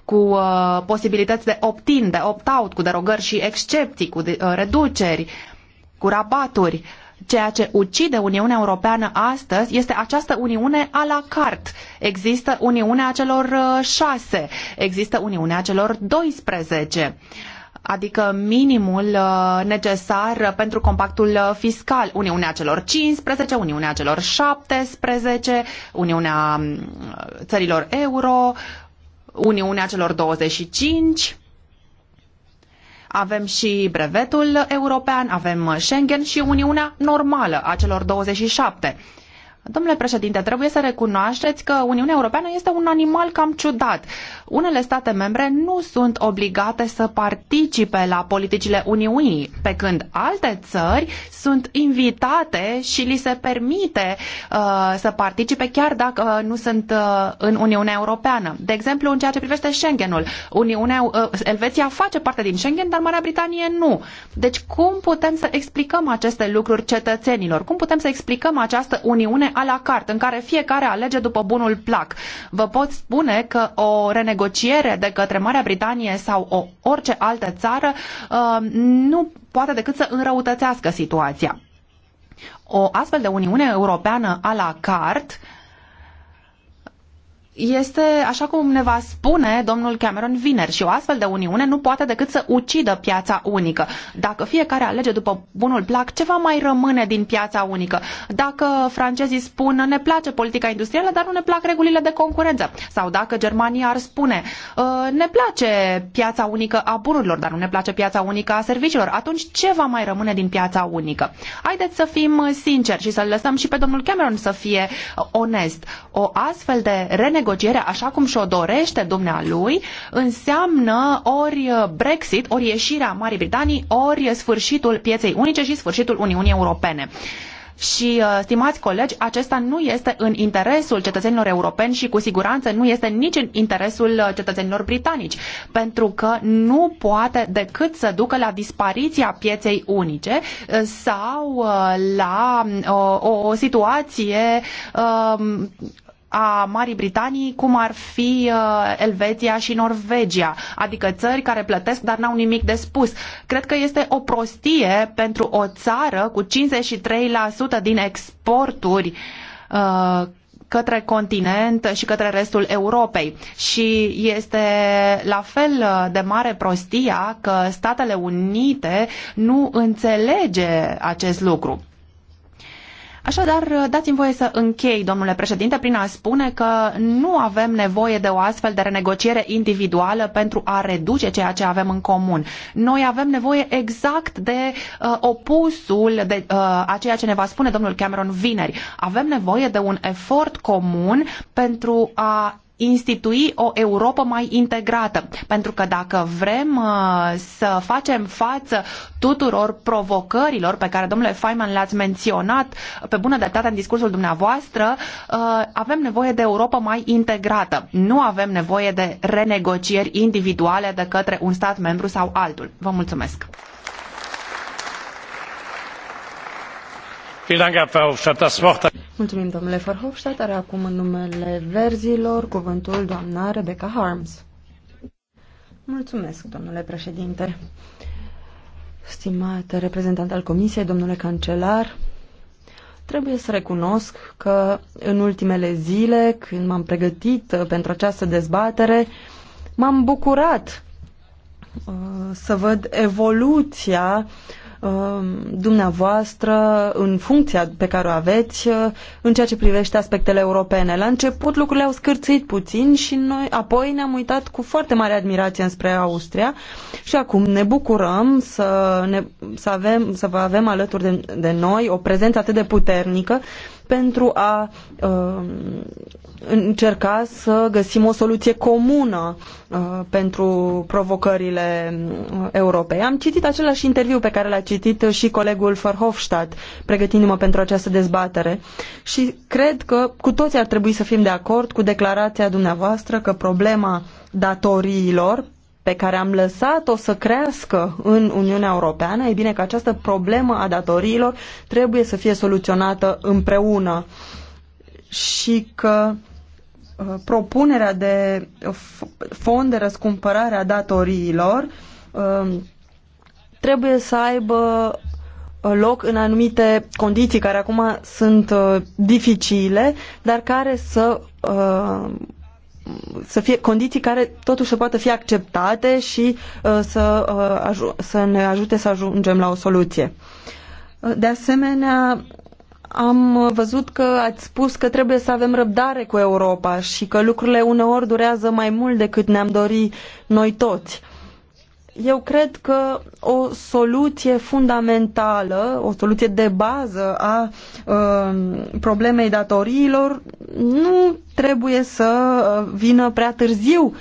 Speaker 2: cu uh, posibilități de opt-in, de opt-out, cu derogări și excepții, cu de, uh, reduceri, cu rabaturi. Ceea ce ucide Uniunea Europeană astăzi este această Uniune a la carte. Există Uniunea celor uh, șase, există Uniunea celor 12. Uh, adică minimul uh, necesar pentru compactul uh, fiscal. Uniunea celor 15, Uniunea celor 17, Uniunea mm, țărilor euro, Uniunea celor 25. Avem și brevetul european, avem Schengen și Uniunea normală a celor 27. Domnule președinte, trebuie să recunoașteți că Uniunea Europeană este un animal cam ciudat. Uh, unele state membre nu sunt obligate să participe la politicile Uniunii, pe când alte țări sunt invitate și li se permite uh, să participe chiar dacă uh, nu sunt uh, în Uniunea Europeană. De exemplu, în ceea ce privește Schengenul, Uniunea, uh, Elveția face parte din Schengen, dar Marea Britanie nu. Deci cum putem să explicăm aceste lucruri cetățenilor? Cum putem să explicăm această Uniune a la carte, în care fiecare alege după bunul plac? Vă pot spune că o renegociere negociere de către Marea Britanie sau o, orice altă țară uh, nu poate decât să înrăutățească situația. O astfel de Uniune Europeană a la carte este, așa cum ne va spune domnul Cameron vineri, și o astfel de uniune nu poate decât să ucidă piața unică. Dacă fiecare alege după bunul plac, ce va mai rămâne din piața unică? Dacă francezii spun ne place politica industrială, dar nu ne plac regulile de concurență. Sau dacă Germania ar spune ă, ne place piața unică a bunurilor, dar nu ne place piața unică a serviciilor, atunci ce va mai rămâne din piața unică? Haideți să fim sinceri și să-l lăsăm și pe domnul Cameron să fie onest. O astfel de renegociere negociere așa cum și-o dorește dumnealui, înseamnă ori Brexit, ori ieșirea Marii Britanii, ori sfârșitul pieței unice și sfârșitul Uniunii Europene. Și, uh, stimați colegi, acesta nu este în interesul cetățenilor europeni și cu siguranță nu este nici în interesul uh, cetățenilor britanici, pentru că nu poate decât să ducă la dispariția pieței unice uh, sau la o, o situație um, a Marii Britanii, cum ar fi uh, Elveția și Norvegia, adică țări care plătesc, dar n-au nimic de spus. Cred că este o prostie pentru o țară cu 53% din exporturi uh, către continent și către restul Europei. Și este la fel uh, de mare prostia că Statele Unite nu înțelege acest lucru. Așadar, dați-mi voie să închei, domnule președinte, prin a spune că nu avem nevoie de o astfel de renegociere individuală pentru a reduce ceea ce avem în comun. Noi avem nevoie exact de uh, opusul de uh, a ceea ce ne va spune domnul Cameron vineri. Avem nevoie de un efort comun pentru a institui o Europa mai integrată. Pentru că dacă vrem uh, să facem față tuturor provocărilor pe care domnule Feynman le-ați menționat pe bună dreptate în discursul dumneavoastră, uh, avem nevoie de Europa mai integrată. Nu avem nevoie de renegocieri individuale de către un stat membru sau
Speaker 1: altul. Vă mulțumesc! Mulțumim, domnule Verhofstadt. Are acum în numele verzilor cuvântul doamna Rebecca Harms. Mulțumesc, domnule președinte. Stimate reprezentant al Comisiei, domnule cancelar, trebuie să recunosc că în ultimele zile, când m-am pregătit pentru această dezbatere, m-am bucurat uh, să văd evoluția uh, Um, dumneavoastră în funcția pe care o aveți uh, în ceea ce privește aspectele europene. La început lucrurile au scârțit puțin și noi apoi ne-am uitat cu foarte mare admirație înspre Austria și acum ne bucurăm să, ne, să, avem, să vă avem alături de, de noi o prezență atât de puternică pentru a uh, încerca să găsim o soluție comună uh, pentru provocările um, Europei. Am citit același interviu pe care l-a citit și colegul Verhofstadt, pregătindu-mă pentru această dezbatere și cred că cu toții ar trebui să fim de acord cu declarația dumneavoastră că problema datoriilor pe care am lăsat-o să crească în Uniunea Europeană, e bine că această problemă a datoriilor trebuie să fie soluționată împreună și că uh, propunerea de fond de răscumpărare a datoriilor uh, trebuie să aibă uh, loc în anumite condiții care acum sunt dificile, dar care să să fie condiții care totuși să poată fi acceptate și uh, să, uh, să ne ajute să ajungem la o soluție. Uh, de asemenea, am văzut că ați spus că trebuie să avem răbdare cu Europa și că lucrurile uneori durează mai mult decât ne-am dori noi toți. Eu cred că o soluție fundamentală, o soluție de bază a um, problemei datoriilor nu trebuie să uh, vină prea târziu,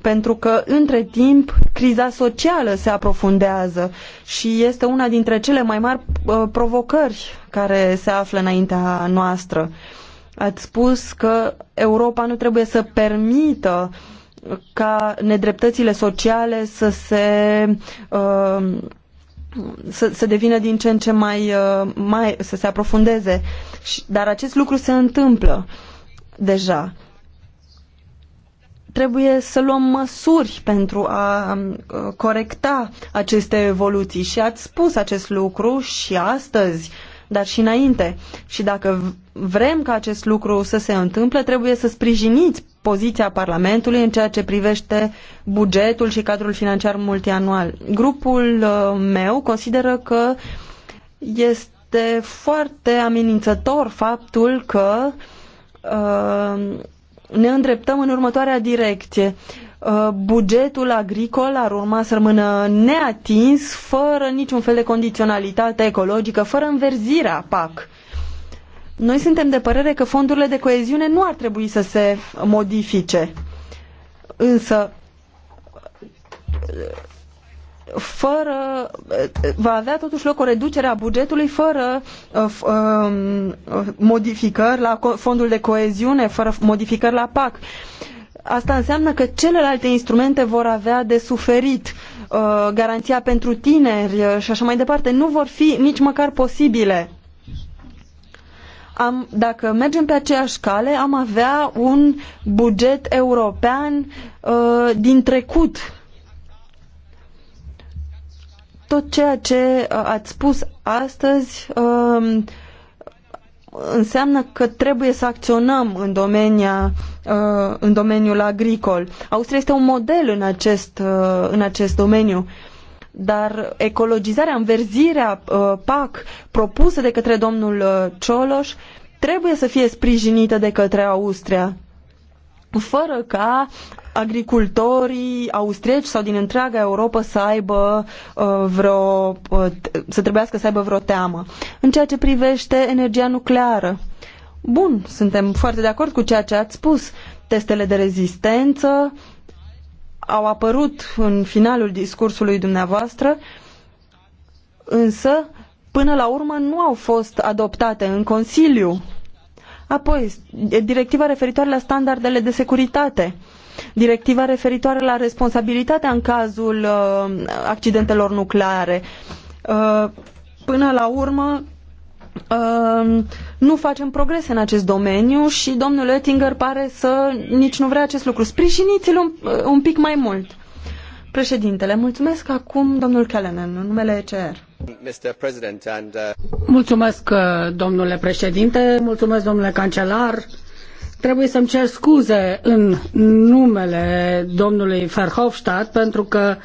Speaker 1: pentru că între timp criza socială se aprofundează și este una dintre cele mai mari uh, provocări care se află înaintea noastră. Ați spus că Europa nu trebuie să permită uh, ca nedreptățile sociale să se uh, să, să devină din ce în ce mai, uh, mai să se aprofundeze. Dar acest lucru se întâmplă deja. Trebuie să luăm măsuri pentru a um, corecta aceste evoluții și ați spus acest lucru și astăzi uh, dar și înainte. Și dacă vrem ca acest lucru să se întâmple, trebuie să sprijiniți poziția Parlamentului în ceea ce privește bugetul și cadrul financiar multianual. Grupul uh, meu consideră că este foarte amenințător faptul că uh, ne îndreptăm în următoarea direcție. Uh, Uh, bugetul agricol ar urma să rămână neatins, fără niciun fel de condiționalitate ecologică, fără înverzirea PAC. Noi suntem de părere că fondurile de coeziune nu ar trebui să se modifice. Însă, fără, va avea totuși loc o reducere a bugetului fără uh, um, modificări la fondul de coeziune, fără modificări la PAC. Asta înseamnă că celelalte instrumente vor avea de suferit, uh, garanția pentru tineri uh, și așa mai departe, nu vor fi nici măcar posibile. Am, dacă mergem pe aceeași cale, am avea un buget european uh, din trecut. Tot ceea ce uh, ați spus astăzi uh, înseamnă că trebuie să acționăm în, domenia, uh, în domeniul agricol. Austria este un model în acest, uh, în acest domeniu dar ecologizarea, înverzirea uh, PAC propusă de către domnul Cioloș trebuie să fie sprijinită de către Austria fără ca agricultorii austrieci sau din întreaga Europa să aibă uh, vreo, uh, să trebuiască să aibă vreo teamă. În ceea ce privește energia nucleară, bun, suntem foarte de acord cu ceea ce ați spus. Testele de rezistență au apărut în finalul discursului dumneavoastră, însă până la urmă nu au fost adoptate în Consiliu. Apoi, directiva referitoare la standardele de securitate directiva referitoare la responsabilitatea în cazul uh, accidentelor nucleare. Uh, până la urmă, uh, nu facem progrese în acest domeniu și domnul Oettinger pare să nici nu vrea acest lucru. Sprijiniți-l un, un pic mai mult. Președintele, mulțumesc acum domnul Kellenen, în numele ECR. Mulțumesc,
Speaker 4: domnule președinte, mulțumesc, domnule cancelar Trebuie să-mi cer scuze în numele domnului Verhofstadt pentru că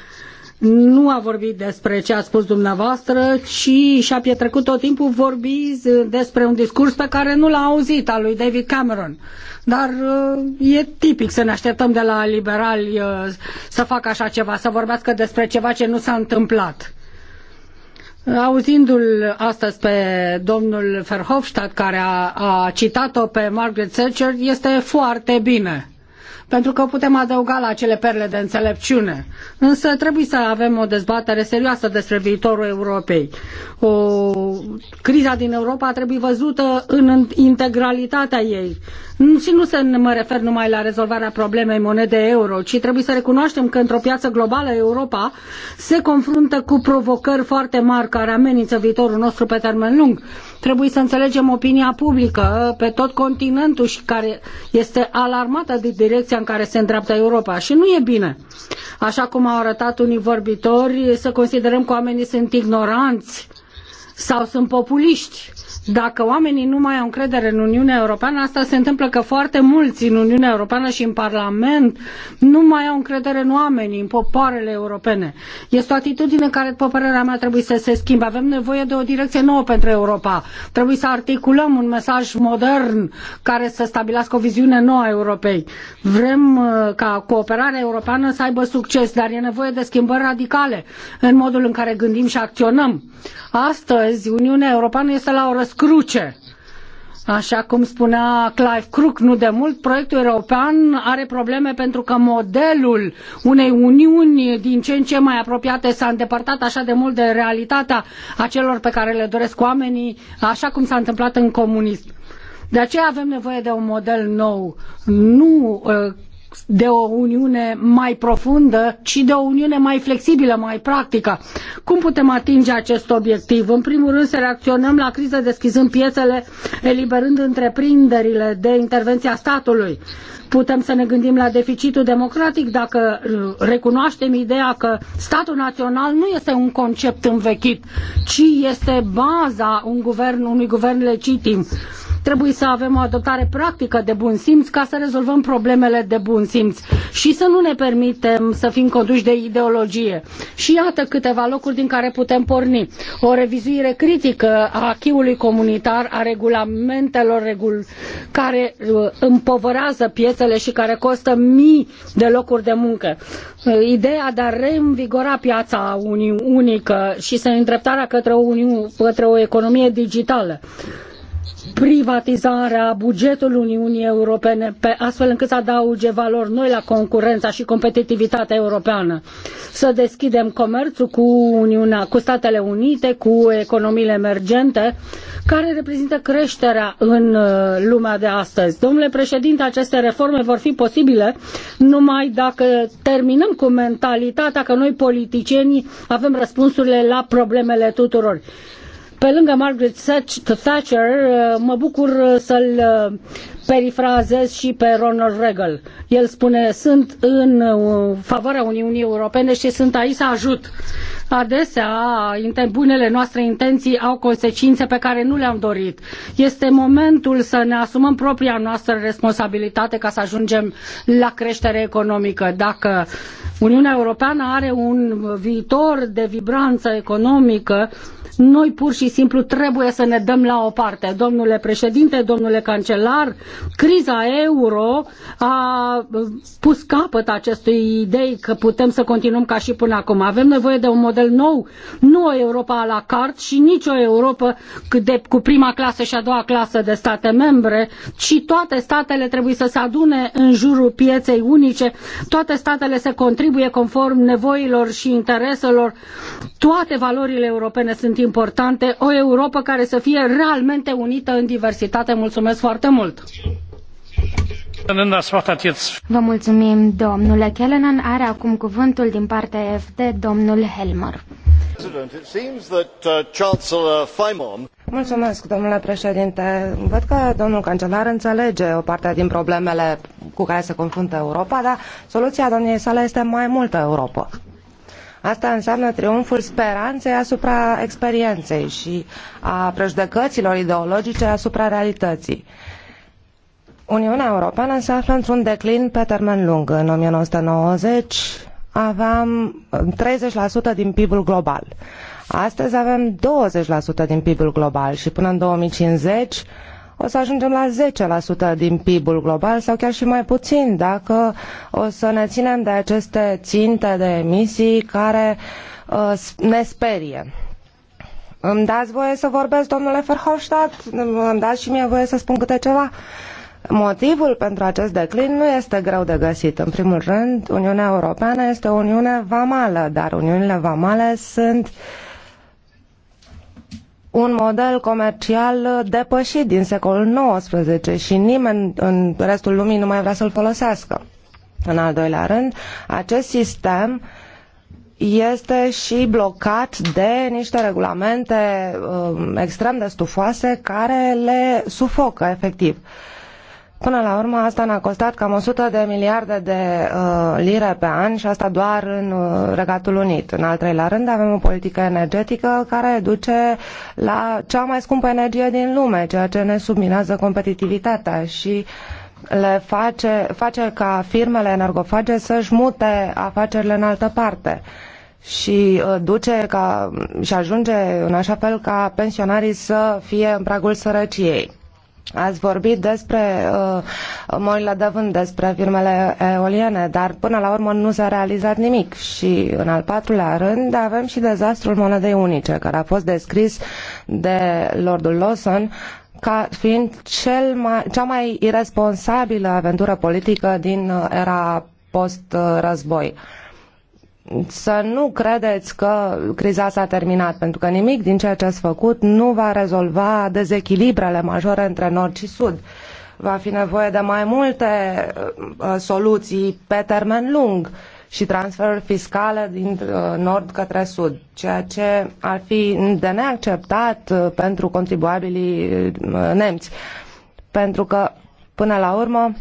Speaker 4: nu a vorbit despre ce a spus dumneavoastră, ci și-a petrecut tot timpul vorbind despre un discurs pe care nu l-a auzit al lui David Cameron. Dar uh, e tipic să ne așteptăm de la liberali uh, să facă așa ceva, să vorbească despre ceva ce nu s-a întâmplat. Auzindu-l astăzi pe domnul Verhofstadt, care a, a citat-o pe Margaret Thatcher, este foarte bine pentru că putem adăuga la acele perle de înțelepciune. Însă trebuie să avem o dezbatere serioasă despre viitorul Europei. O, criza din Europa trebuie văzută în integralitatea ei. și nu se, mă refer numai la rezolvarea problemei monedei euro, ci trebuie să recunoaștem că într-o piață globală Europa se confruntă cu provocări foarte mari care amenință viitorul nostru pe termen lung Trebuie să înțelegem opinia publică pe tot continentul și care este alarmată de direcția în care se îndreaptă Europa și nu e bine. Așa cum au arătat unii vorbitori, să considerăm că oamenii sunt ignoranți sau sunt populiști dacă oamenii nu mai au încredere în Uniunea Europeană, asta se întâmplă că foarte mulți în Uniunea Europeană și în Parlament nu mai au încredere în oameni, în popoarele europene. Este o atitudine care, după părerea mea, trebuie să se schimbe. Avem nevoie de o direcție nouă pentru Europa. Trebuie să articulăm un mesaj modern care să stabilească o viziune nouă a Europei. Vrem uh, ca cooperarea europeană să aibă succes, dar e nevoie de schimbări radicale în modul în care gândim și acționăm. Astăzi, Uniunea Europeană este la o răsc- cruce. Așa cum spunea Clive Crook nu de mult, proiectul european are probleme pentru că modelul unei uniuni din ce în ce mai apropiate s-a îndepărtat așa de mult de realitatea acelor pe care le doresc oamenii, așa cum s-a întâmplat în comunism. De aceea avem nevoie de un model nou, nu uh, de o uniune mai profundă, ci de o uniune mai flexibilă, mai practică. Cum putem atinge acest obiectiv? În primul rând să reacționăm la criză deschizând piețele, eliberând întreprinderile de intervenția statului. Putem să ne gândim la deficitul democratic dacă uh, recunoaștem ideea că statul național nu este un concept învechit, ci este baza un guvern, unui guvern legitim Trebuie să avem o adoptare practică de bun simț ca să rezolvăm problemele de bun simț și să nu ne permitem să fim conduși de ideologie. Și iată câteva locuri din care putem porni. O revizuire critică a achiului comunitar, a regulamentelor regul care uh, împovărează piețele și care costă mii de locuri de muncă. Uh, ideea de a reînvigora piața unică și să îndreptarea către o, către o economie digitală privatizarea bugetului Uniunii Europene pe astfel încât să adauge valori noi la concurența și competitivitatea europeană. Să deschidem comerțul cu Uniunea, cu Statele Unite, cu economiile emergente, care reprezintă creșterea în uh, lumea de astăzi. Domnule președinte, aceste reforme vor fi posibile numai dacă terminăm cu mentalitatea că noi politicienii avem răspunsurile la problemele tuturor. Pe lângă Margaret Thatcher, uh, mă bucur uh, să-l uh, perifrazez și pe Ronald Reagan. El spune, sunt în favoarea Uniunii Europene și sunt aici să ajut. Adesea, bunele noastre intenții au consecințe pe care nu le-am dorit. Este momentul să ne asumăm propria noastră responsabilitate ca să ajungem la creștere economică. Dacă Uniunea Europeană are un viitor de vibranță economică, noi pur și simplu trebuie să ne dăm la o parte. Domnule președinte, domnule cancelar, criza euro a pus capăt acestui idei că putem să continuăm ca și până acum. Avem nevoie de un mod model nou, nu o Europa a la carte și nici o Europa de, cu prima clasă și a doua clasă de state membre, ci toate statele trebuie să se adune în jurul pieței unice, toate statele se contribuie conform nevoilor și intereselor, toate valorile europene sunt importante, o Europa care să fie realmente
Speaker 5: unită în diversitate. Mulțumesc foarte mult! Vă mulțumim, domnule Kellenen. Are acum cuvântul din partea FD, domnul Helmer.
Speaker 3: Uh,
Speaker 6: Mulțumesc, domnule președinte. Văd că domnul cancelar înțelege o parte din problemele cu care se confruntă Europa, dar soluția domniei sale este mai multă Europa. Asta înseamnă triumful speranței asupra experienței și a prejudecăților ideologice asupra realității. Uniunea Europeană se află într-un declin pe termen lung. În 1990 aveam 30% uh, din PIB-ul global. Astăzi avem 20% din PIB-ul global și până în 2050 o să ajungem la 10% din PIB-ul global sau chiar și mai puțin dacă o să ne ținem de aceste ținte de emisii care uh, ne sperie. Îmi dați voie să vorbesc, domnule Verhofstadt? Îmi dați și mie voie să spun câte ceva? Uh, Motivul pentru acest declin nu este greu de găsit. În primul rând, Uniunea Europeană este o Uniune vamală, dar Uniunile vamale sunt un model comercial depășit din secolul XIX și nimeni în restul lumii nu mai vrea să-l folosească. În al doilea rând, acest sistem este și blocat de niște regulamente uh, extrem de stufoase care le sufocă efectiv. Uh, Până la urmă, asta ne-a costat cam 100 de miliarde de uh, lire pe an și asta doar în uh, Regatul Unit. În al treilea rând, avem o politică energetică care duce la cea mai scumpă energie din lume, ceea ce ne subminează competitivitatea și le face, face ca firmele energofage să-și mute afacerile în altă parte și uh, duce ca, și ajunge în așa fel ca pensionarii să fie în pragul sărăciei. Ați vorbit despre uh, de vânt, despre firmele eoliene, dar până la urmă nu s-a realizat nimic. Și în al patrulea rând avem și dezastrul monedei unice, care a fost descris de Lordul Lawson ca fiind cel mai, cea mai irresponsabilă aventură politică din uh, era post-război. Uh, să nu credeți că criza s-a terminat, pentru că nimic din ceea ce ați făcut nu va rezolva dezechilibrele majore între nord și sud. Va fi nevoie de mai multe uh, uh, soluții pe termen lung și transferuri fiscale din uh, nord către sud, ceea ce ar fi de neacceptat pentru contribuabilii nemți. Pentru că, până la urmă,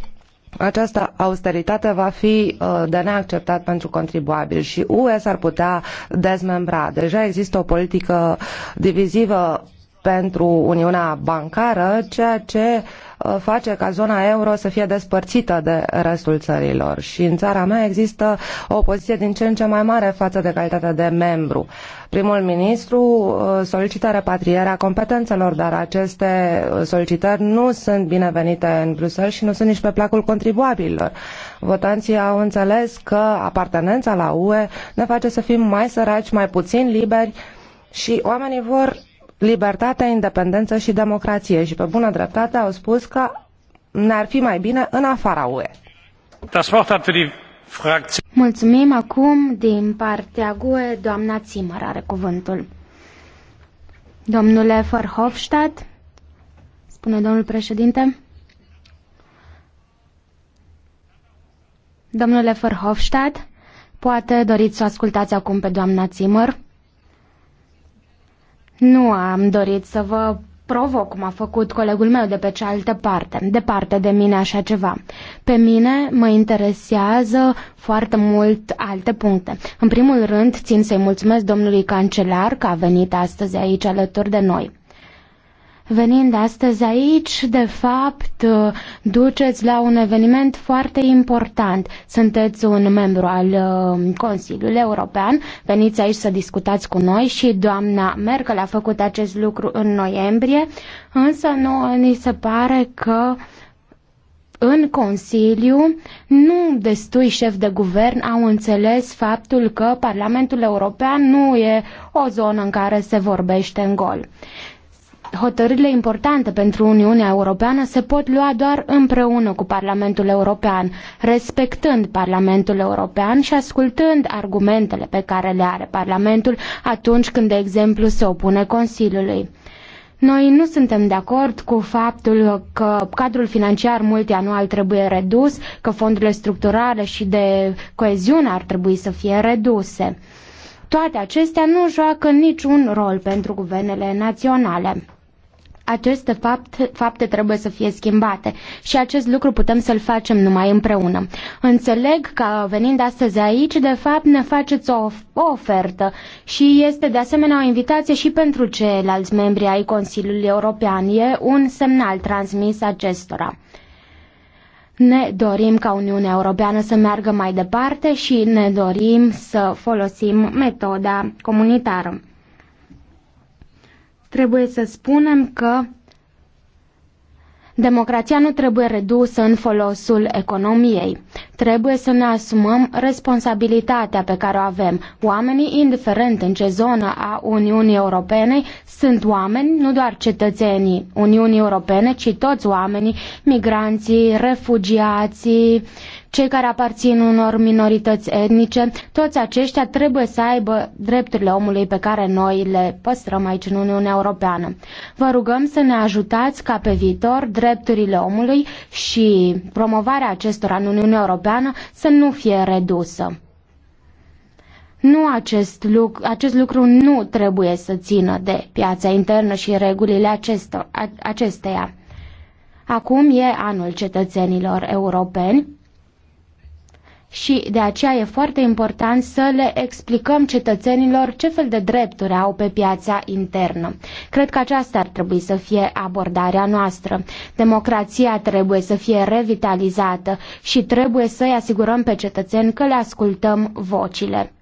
Speaker 6: această austeritate va fi uh, de neacceptat pentru contribuabil și UE s-ar putea dezmembra. Deja există o politică divizivă pentru Uniunea Bancară, ceea ce uh, face ca zona euro să fie despărțită de restul țărilor. Și în țara mea există o poziție din ce în ce mai mare față de calitatea de membru. Primul ministru uh, solicită repatrierea competențelor, dar aceste uh, solicitări nu sunt binevenite în Bruxelles și nu sunt nici pe placul contribuabililor. Votanții au înțeles că apartenența la UE ne face să fim mai săraci, mai puțin liberi și oamenii vor libertate, independență și democrație și pe bună dreptate au spus că ne-ar fi mai bine în afara UE.
Speaker 5: Mulțumim acum din partea GUE, doamna Țimăr are cuvântul. Domnule Verhofstadt, spune domnul președinte. Domnule Verhofstadt, poate doriți să ascultați acum pe doamna Țimăr. Nu am dorit să vă provoc, cum a făcut colegul meu de pe cealaltă parte, departe de mine așa ceva. Pe mine mă interesează foarte mult alte puncte. În primul rând, țin să-i mulțumesc domnului cancelar că a venit astăzi aici alături de noi. Venind astăzi aici, de fapt, uh, duceți la un eveniment foarte important. Sunteți un membru al uh, Consiliului European, veniți aici să discutați cu noi și doamna Merkel a făcut acest lucru în noiembrie, însă nu ni se pare că în Consiliu nu destui șef de guvern au înțeles faptul că Parlamentul European nu e o zonă în care se vorbește în gol hotărârile importante pentru Uniunea Europeană se pot lua doar împreună cu Parlamentul European, respectând Parlamentul European și ascultând argumentele pe care le are Parlamentul atunci când, de exemplu, se opune Consiliului. Noi nu suntem de acord cu faptul că cadrul financiar multianual trebuie redus, că fondurile structurale și de coeziune ar trebui să fie reduse. Toate acestea nu joacă niciun rol pentru guvernele naționale. Aceste fapte, fapte trebuie să fie schimbate și acest lucru putem să-l facem numai împreună. Înțeleg că venind astăzi aici, de fapt, ne faceți o, o ofertă și este de asemenea o invitație și pentru ceilalți membri ai Consiliului European. E un semnal transmis acestora. Ne dorim ca Uniunea Europeană să meargă mai departe și ne dorim să folosim metoda comunitară. Trebuie să spunem că democrația nu trebuie redusă în folosul economiei. Trebuie să ne asumăm responsabilitatea pe care o avem. Oamenii, indiferent în ce zonă a Uniunii Europene, sunt oameni, nu doar cetățenii Uniunii Europene, ci toți oamenii, migranții, refugiații, cei care aparțin unor minorități etnice, toți aceștia trebuie să aibă drepturile omului pe care noi le păstrăm aici în Uniunea Europeană. Vă rugăm să ne ajutați ca pe viitor drepturile omului și promovarea acestora în Uniunea Europeană să nu fie redusă. Nu acest lucru, acest lucru nu trebuie să țină de piața internă și regulile acestor, a, acesteia. Acum e anul cetățenilor europeni și de aceea e foarte important să le explicăm cetățenilor ce fel de drepturi au pe piața internă. Cred că aceasta ar trebui să fie abordarea noastră. Democrația trebuie să fie revitalizată și trebuie să-i asigurăm pe cetățeni că le ascultăm vocile.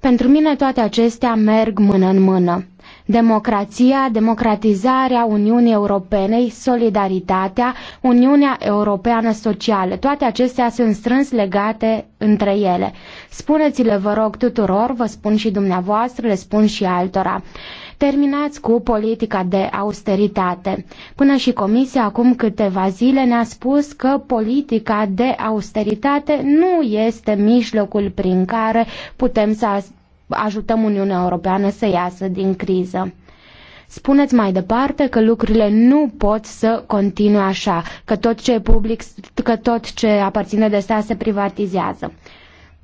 Speaker 5: Pentru mine toate acestea merg mână în mână. Democrația, democratizarea Uniunii Europene, solidaritatea, Uniunea Europeană Socială, toate acestea sunt strâns legate între ele. Spuneți-le, vă rog, tuturor, vă spun și dumneavoastră, le spun și altora. Terminați cu politica de austeritate. Până și Comisia acum câteva zile ne-a spus că politica de austeritate nu este mijlocul prin care putem să ajutăm Uniunea Europeană să iasă din criză. Spuneți mai departe că lucrurile nu pot să continue așa, că tot ce e public, că tot ce aparține de stat se privatizează.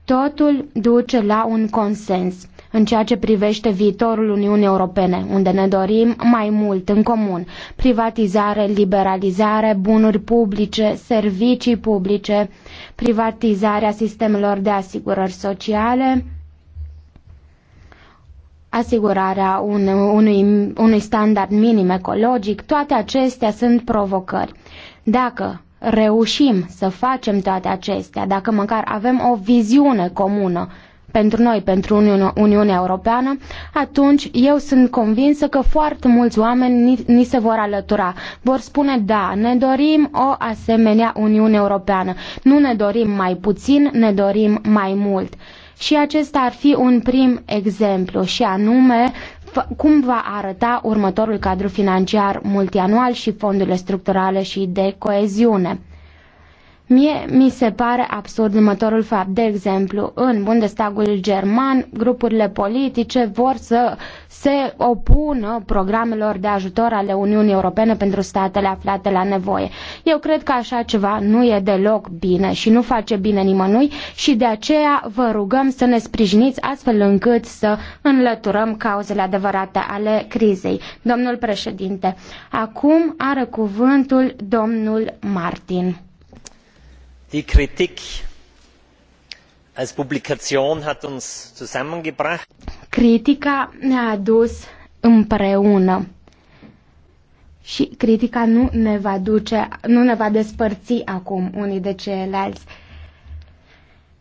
Speaker 5: Totul duce la un consens în ceea ce privește viitorul Uniunii Europene, unde ne dorim mai mult în comun. Privatizare, liberalizare, bunuri publice, servicii publice, privatizarea sistemelor de asigurări sociale, asigurarea unui, unui standard minim ecologic, toate acestea sunt provocări. Dacă reușim să facem toate acestea, dacă măcar avem o viziune comună pentru noi, pentru Uniunea, Uniunea Europeană, atunci eu sunt convinsă că foarte mulți oameni ni, ni se vor alătura. Vor spune, da, ne dorim o asemenea Uniune Europeană. Nu ne dorim mai puțin, ne dorim mai mult. Și acesta ar fi un prim exemplu și anume cum va arăta următorul cadru financiar multianual și fondurile structurale și de coeziune. Mie mi se pare absurd următorul fapt. De exemplu, în Bundestagul german, grupurile politice vor să se opună programelor de ajutor ale Uniunii Europene pentru statele aflate la nevoie. Eu cred că așa ceva nu e deloc bine și nu face bine nimănui și de aceea vă rugăm să ne sprijiniți astfel încât să înlăturăm cauzele adevărate ale crizei. Domnul președinte, acum are cuvântul domnul Martin
Speaker 3: die kritik als publikation hat uns zusammengebracht.
Speaker 5: Critica ne-a adus împreună. Și critica nu ne va duce, nu ne va despărți acum unii de ceilalți.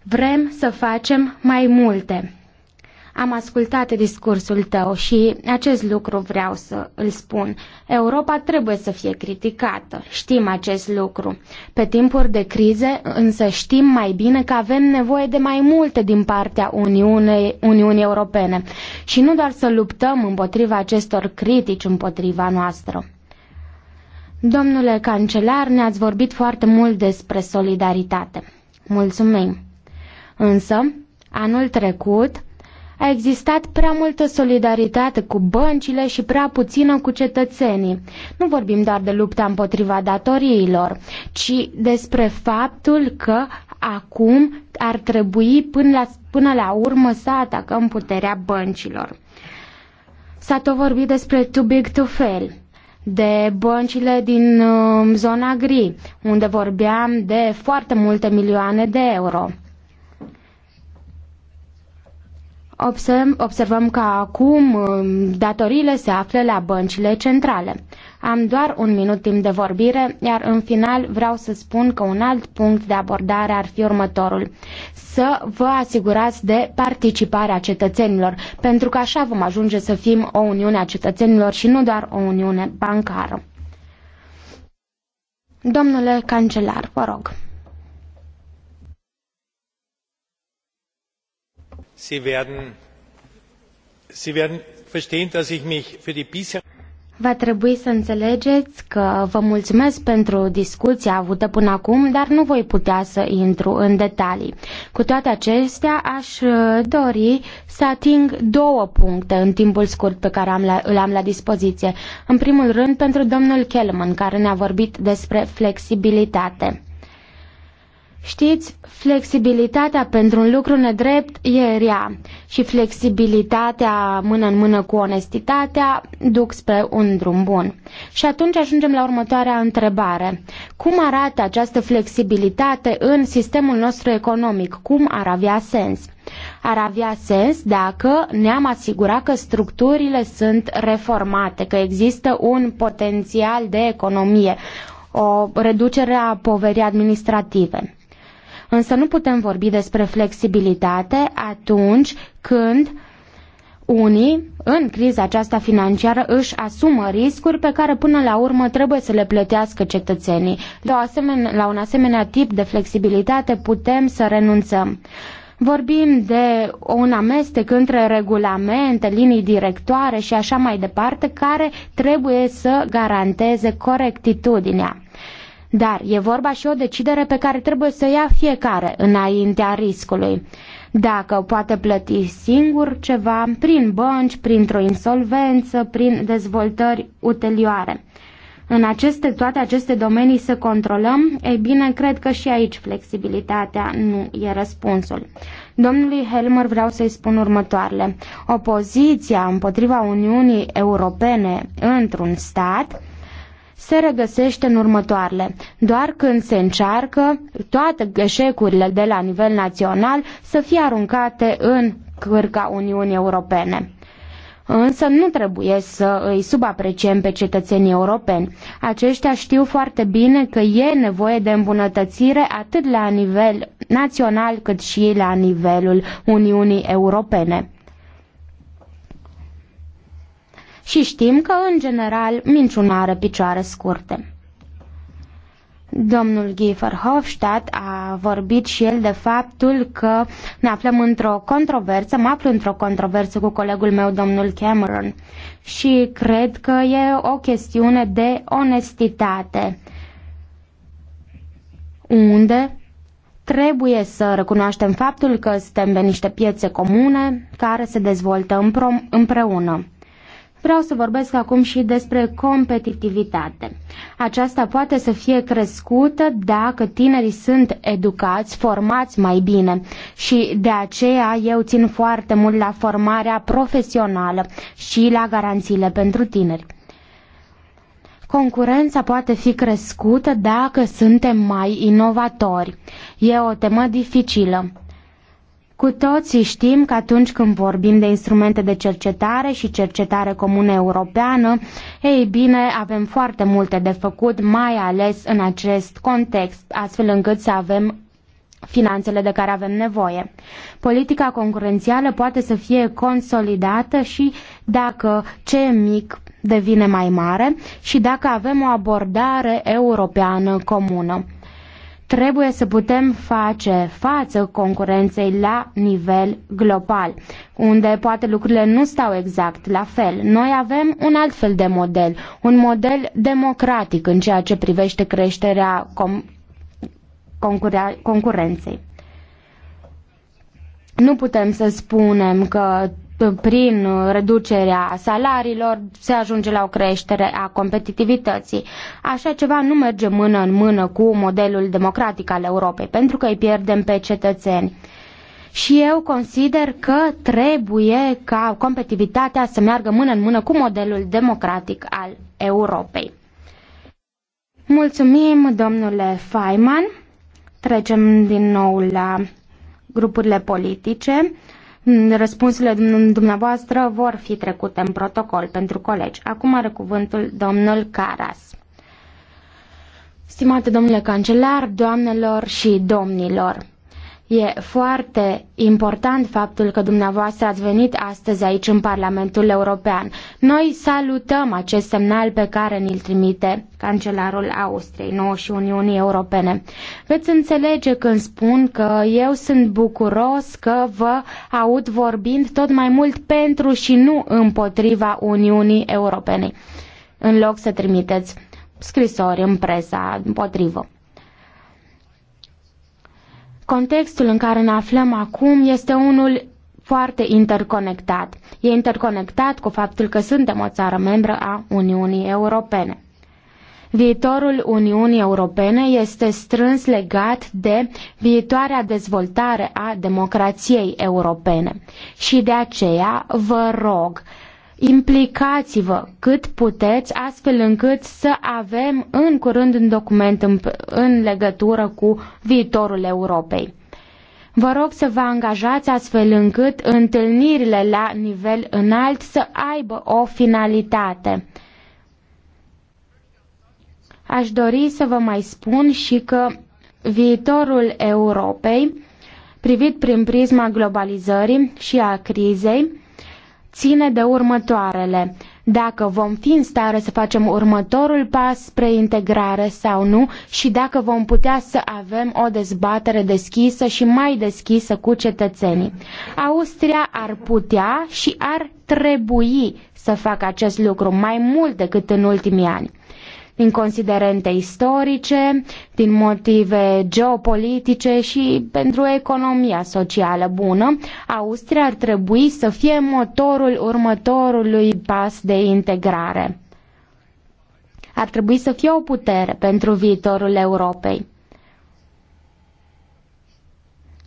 Speaker 5: Vrem să facem mai multe. Am ascultat discursul tău și acest lucru vreau să îl spun. Europa trebuie să fie criticată, știm acest lucru. Pe timpuri de crize însă știm mai bine că avem nevoie de mai multe din partea Uniunei, Uniunii Europene și nu doar să luptăm împotriva acestor critici împotriva noastră. Domnule cancelar, ne-ați vorbit foarte mult despre solidaritate. Mulțumim! Însă, anul trecut, a existat prea multă solidaritate cu băncile și prea puțină cu cetățenii. Nu vorbim doar de lupta împotriva datoriilor, ci despre faptul că acum ar trebui până la, până la urmă să atacăm puterea băncilor. S-a tot vorbit despre too big to fail, de băncile din uh, zona gri, unde vorbeam de foarte multe milioane de euro. Observăm, observăm că acum um, datoriile se află la băncile centrale. Am doar un minut timp de vorbire, iar în final vreau să spun că un alt punct de abordare ar fi următorul. Să vă asigurați de participarea cetățenilor, pentru că așa vom ajunge să fim o uniune a cetățenilor și nu doar o uniune bancară. Domnule cancelar, vă rog. Va trebui să înțelegeți că vă mulțumesc pentru discuția avută până acum, dar nu voi putea să intru în detalii. Cu toate acestea, aș uh, dori să ating două puncte în timpul scurt pe care am la, îl am la dispoziție. În primul rând, pentru domnul Kelman, care ne-a vorbit despre flexibilitate. Știți, flexibilitatea pentru un lucru nedrept e rea și flexibilitatea mână în mână cu onestitatea duc spre un drum bun. Și atunci ajungem la următoarea întrebare. Cum arată această flexibilitate în sistemul nostru economic? Cum ar avea sens? Ar avea sens dacă ne-am asigurat că structurile sunt reformate, că există un potențial de economie, o reducere a poverii administrative. Însă nu putem vorbi despre flexibilitate atunci când unii, în criza aceasta financiară, își asumă riscuri pe care până la urmă trebuie să le plătească cetățenii. La, o asemenea, la un asemenea tip de flexibilitate putem să renunțăm. Vorbim de un amestec între regulamente, linii directoare și așa mai departe, care trebuie să garanteze corectitudinea. Dar e vorba și o decidere pe care trebuie să ia fiecare înaintea riscului. Dacă poate plăti singur ceva prin bănci, printr-o insolvență, prin dezvoltări utilioare. În aceste, toate aceste domenii să controlăm, ei bine, cred că și aici flexibilitatea nu e răspunsul. Domnului Helmer vreau să-i spun următoarele. Opoziția împotriva Uniunii Europene într-un stat se regăsește în următoarele. Doar când se încearcă toate eșecurile de la nivel național să fie aruncate în cârca Uniunii Europene. Însă nu trebuie să îi subapreciem pe cetățenii europeni. Aceștia știu foarte bine că e nevoie de îmbunătățire atât la nivel național cât și la nivelul Uniunii Europene. și știm că, în general, minciuna are picioare scurte. Domnul Giefer Hofstadt a vorbit și el de faptul că ne aflăm într-o controversă, mă aflu într-o controversă cu colegul meu, domnul Cameron, și cred că e o chestiune de onestitate. Unde trebuie să recunoaștem faptul că suntem pe niște piețe comune care se dezvoltă împreună. Vreau să vorbesc acum și despre competitivitate. Aceasta poate să fie crescută dacă tinerii sunt educați, formați mai bine și de aceea eu țin foarte mult la formarea profesională și la garanțiile pentru tineri. Concurența poate fi crescută dacă suntem mai inovatori. E o temă dificilă cu toții știm că atunci când vorbim de instrumente de cercetare și cercetare comună europeană, ei bine, avem foarte multe de făcut, mai ales în acest context, astfel încât să avem finanțele de care avem nevoie. Politica concurențială poate să fie consolidată și dacă ce mic devine mai mare și dacă avem o abordare europeană comună. Trebuie să putem face față concurenței la nivel global, unde poate lucrurile nu stau exact la fel. Noi avem un alt fel de model, un model democratic în ceea ce privește creșterea com- concurenței. Nu putem să spunem că prin reducerea salariilor se ajunge la o creștere a competitivității. Așa ceva nu merge mână în mână cu modelul democratic al Europei, pentru că îi pierdem pe cetățeni. Și eu consider că trebuie ca competitivitatea să meargă mână în mână cu modelul democratic al Europei. Mulțumim, domnule Feynman. Trecem din nou la grupurile politice. Mm, Răspunsurile dumneavoastră vor fi trecute în protocol pentru colegi. Acum are cuvântul domnul Caras. Stimate domnule cancelar, doamnelor și domnilor, E foarte important faptul că dumneavoastră ați venit astăzi aici în Parlamentul European. Noi salutăm acest semnal pe care ni-l trimite cancelarul Austriei, nouă și Uniunii Europene. Veți înțelege când spun că eu sunt bucuros că vă aud vorbind tot mai mult pentru și nu împotriva Uniunii Europene, în loc să trimiteți scrisori în presa împotrivă. Contextul în care ne aflăm acum este unul foarte interconectat. E interconectat cu faptul că suntem o țară membră a Uniunii Europene. Viitorul Uniunii Europene este strâns legat de viitoarea dezvoltare a democrației europene și de aceea vă rog, Implicați-vă cât puteți astfel încât să avem în curând un document în, în legătură cu viitorul Europei. Vă rog să vă angajați astfel încât întâlnirile la nivel înalt să aibă o finalitate. Aș dori să vă mai spun și că viitorul Europei, privit prin prisma globalizării și a crizei, ține de următoarele. Dacă vom fi în stare să facem următorul pas spre integrare sau nu și dacă vom putea să avem o dezbatere deschisă și mai deschisă cu cetățenii. Austria ar putea și ar trebui să facă acest lucru mai mult decât în ultimii ani din considerente istorice, din motive geopolitice și pentru economia socială bună, Austria ar trebui să fie motorul următorului pas de integrare. Ar trebui să fie o putere pentru viitorul Europei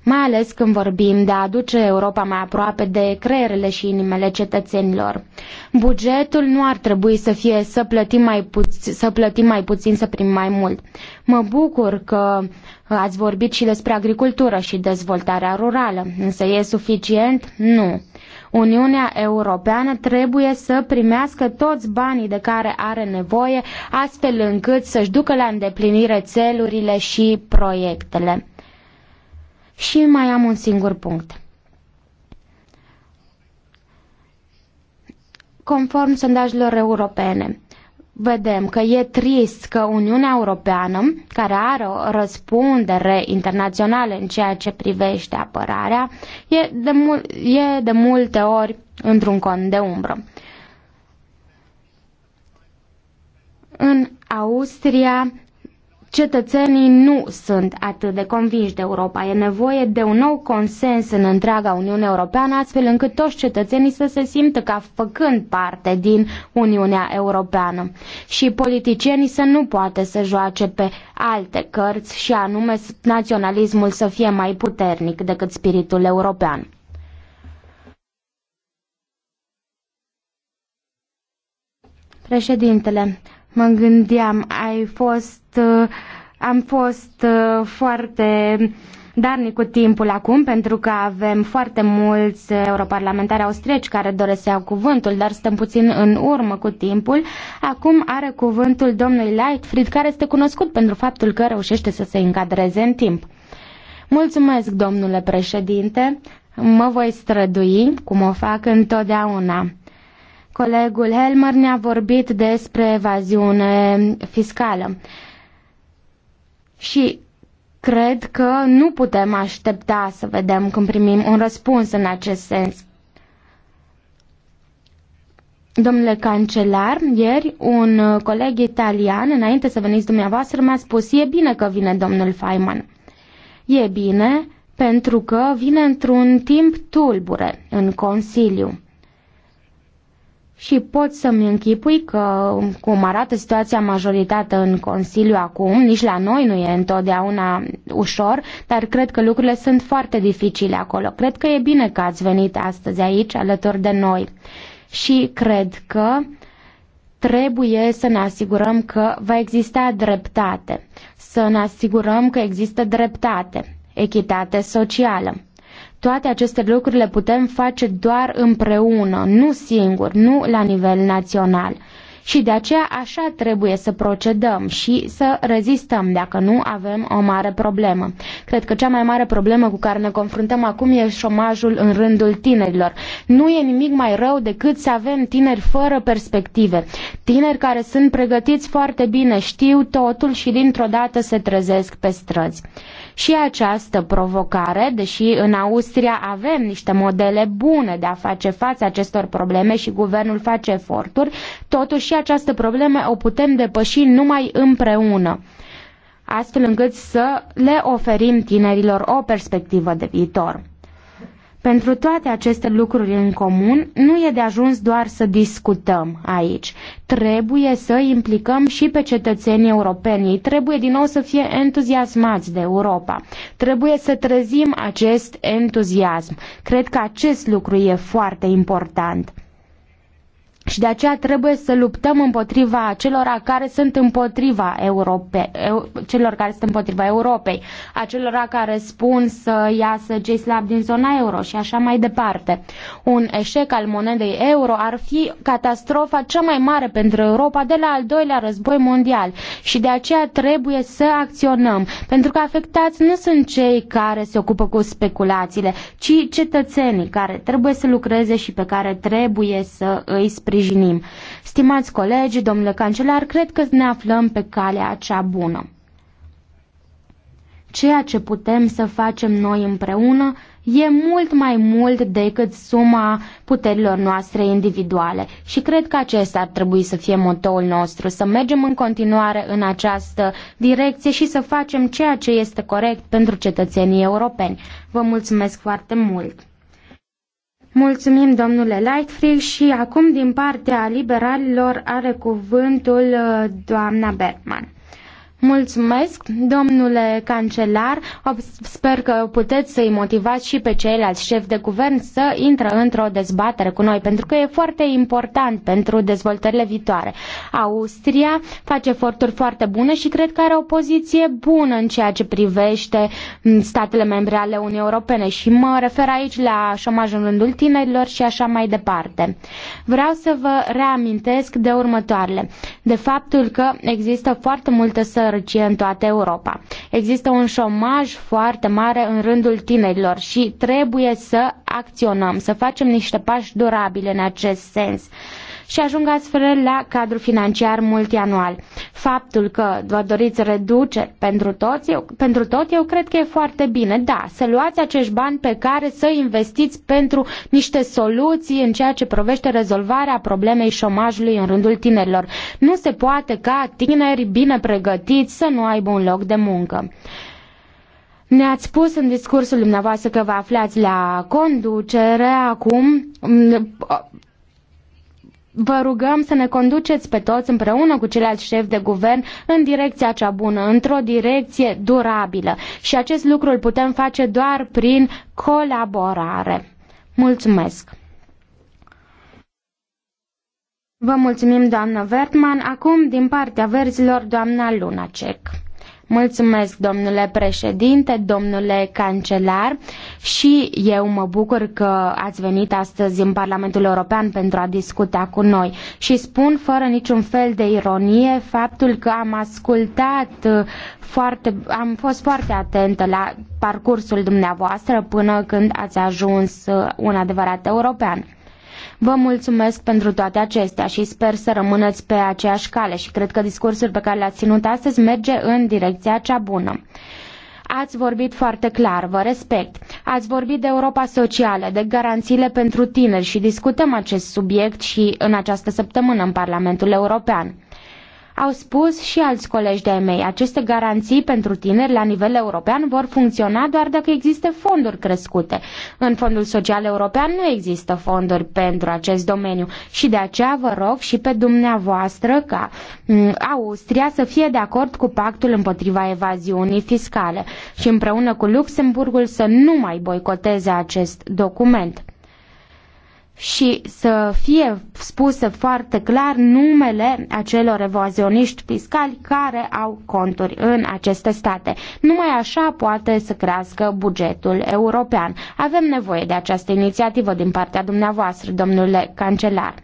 Speaker 5: mai ales când vorbim de a aduce Europa mai aproape de creierele și inimele cetățenilor. Bugetul nu ar trebui să fie să plătim mai, puț- să plătim mai puțin, să primim mai mult. Mă bucur că ați vorbit și despre agricultură și dezvoltarea rurală, însă e suficient? Nu. Uniunea Europeană trebuie să primească toți banii de care are nevoie, astfel încât să-și ducă la îndeplinire țelurile și proiectele. Și mai am un singur punct. Conform sondajelor europene, vedem că e trist că Uniunea Europeană, care are o răspundere internațională în ceea ce privește apărarea, e de, mul- e de multe ori într-un cont de umbră. În Austria cetățenii nu sunt atât de convinși de Europa. E nevoie de un nou consens în întreaga Uniune Europeană, astfel încât toți cetățenii să se simtă ca făcând parte din Uniunea Europeană. Și politicienii să nu poată să joace pe alte cărți și anume naționalismul să fie mai puternic decât spiritul european. Președintele, mă gândeam, ai fost, uh, am fost uh, foarte darnic cu timpul acum, pentru că avem foarte mulți europarlamentari austrieci care doresc să iau cuvântul, dar stăm puțin în urmă cu timpul. Acum are cuvântul domnului Lightfried, care este cunoscut pentru faptul că reușește să se încadreze în timp. Mulțumesc, domnule președinte, mă voi strădui, cum o fac întotdeauna. Colegul Helmer ne-a vorbit despre evaziune fiscală. Și cred că nu putem aștepta să vedem când primim un răspuns în acest sens. Domnule cancelar, ieri un coleg italian, înainte să veniți dumneavoastră, mi-a spus e bine că vine domnul Feynman. E bine pentru că vine într-un timp tulbure în Consiliu. Și pot să-mi închipui că, cum arată situația majoritatea în Consiliu acum, nici la noi nu e întotdeauna ușor, dar cred că lucrurile sunt foarte dificile acolo. Cred că e bine că ați venit astăzi aici alături de noi. Și cred că trebuie să ne asigurăm că va exista dreptate, să ne asigurăm că există dreptate, echitate socială. Toate aceste lucruri le putem face doar împreună, nu singur, nu la nivel național. Și de aceea așa trebuie să procedăm și să rezistăm dacă nu avem o mare problemă. Cred că cea mai mare problemă cu care ne confruntăm acum e șomajul în rândul tinerilor. Nu e nimic mai rău decât să avem tineri fără perspective. Tineri care sunt pregătiți foarte bine, știu totul și dintr-o dată se trezesc pe străzi și această provocare, deși în Austria avem niște modele bune de a face față acestor probleme și guvernul face eforturi, totuși și această problemă o putem depăși numai împreună astfel încât să le oferim tinerilor o perspectivă de viitor. Pentru toate aceste lucruri în comun, nu e de ajuns doar să discutăm aici. Trebuie să implicăm și pe cetățenii europeni. Trebuie din nou să fie entuziasmați de Europa. Trebuie să trezim acest entuziasm. Cred că acest lucru e foarte important și de aceea trebuie să luptăm împotriva celor care sunt împotriva Europei, celor care sunt împotriva Europei, acelor care spun să iasă cei slab din zona euro și așa mai departe. Un eșec al monedei euro ar fi catastrofa cea mai mare pentru Europa de la al doilea război mondial și de aceea trebuie să acționăm, pentru că afectați nu sunt cei care se ocupă cu speculațiile, ci cetățenii care trebuie să lucreze și pe care trebuie să îi sprijinim sprijinim. Stimați colegi, domnule cancelar, cred că ne aflăm pe calea cea bună. Ceea ce putem să facem noi împreună e mult mai mult decât suma puterilor noastre individuale și cred că acesta ar trebui să fie motoul nostru, să mergem în continuare în această direcție și să facem ceea ce este corect pentru cetățenii europeni. Vă mulțumesc foarte mult! Mulțumim, domnule Lightfried, și acum din partea liberalilor are cuvântul uh, doamna Bergman. Mulțumesc, domnule cancelar. Sper că puteți să-i motivați și pe ceilalți șefi de guvern să intre într-o dezbatere cu noi, pentru că e foarte important pentru dezvoltările viitoare. Austria face eforturi foarte bune și cred că are o poziție bună în ceea ce privește statele membre ale Uniunii Europene și mă refer aici la șomajul în rândul tinerilor și așa mai departe. Vreau să vă reamintesc de următoarele. De faptul că există foarte multe să sărăcie în toată Europa. Există un șomaj foarte mare în rândul tinerilor și trebuie să acționăm, să facem niște pași durabile în acest sens și ajung astfel la cadrul financiar multianual. Faptul că vă doriți reduce pentru, toți, eu, pentru tot, eu cred că e foarte bine. Da, să luați acești bani pe care să investiți pentru niște soluții în ceea ce provește rezolvarea problemei șomajului în rândul tinerilor. Nu se poate ca tineri bine pregătiți să nu aibă un loc de muncă. Ne-ați spus în discursul dumneavoastră că vă aflați la conducere acum vă rugăm să ne conduceți pe toți împreună cu ceilalți șefi de guvern în direcția cea bună, într-o direcție durabilă. Și acest lucru îl putem face doar prin colaborare. Mulțumesc! Vă mulțumim, doamnă Vertman. Acum, din partea verzilor, doamna Lunacek. Mulțumesc, domnule președinte, domnule cancelar, și eu mă bucur că ați venit astăzi în Parlamentul European pentru a discuta cu noi și spun fără niciun fel de ironie faptul că am ascultat uh, foarte, am fost foarte atentă la parcursul dumneavoastră până când ați ajuns uh, un adevărat european. Vă mulțumesc pentru toate acestea și sper să rămâneți pe aceeași cale și cred că discursul pe care l-ați ținut astăzi merge în direcția cea bună. Ați vorbit foarte clar, vă respect. Ați vorbit de Europa Socială, de garanțiile pentru tineri și discutăm acest subiect și în această săptămână în Parlamentul European. Au spus și alți colegi de-ai mei, aceste garanții pentru tineri la nivel european vor funcționa doar dacă există fonduri crescute. În Fondul Social European nu există fonduri pentru acest domeniu și de aceea vă rog și pe dumneavoastră ca Austria să fie de acord cu pactul împotriva evaziunii fiscale și împreună cu Luxemburgul să nu mai boicoteze acest document și să fie spuse foarte clar numele acelor evazioniști fiscali care au conturi în aceste state. Numai așa poate să crească bugetul european. Avem nevoie de această inițiativă din partea dumneavoastră, domnule cancelar.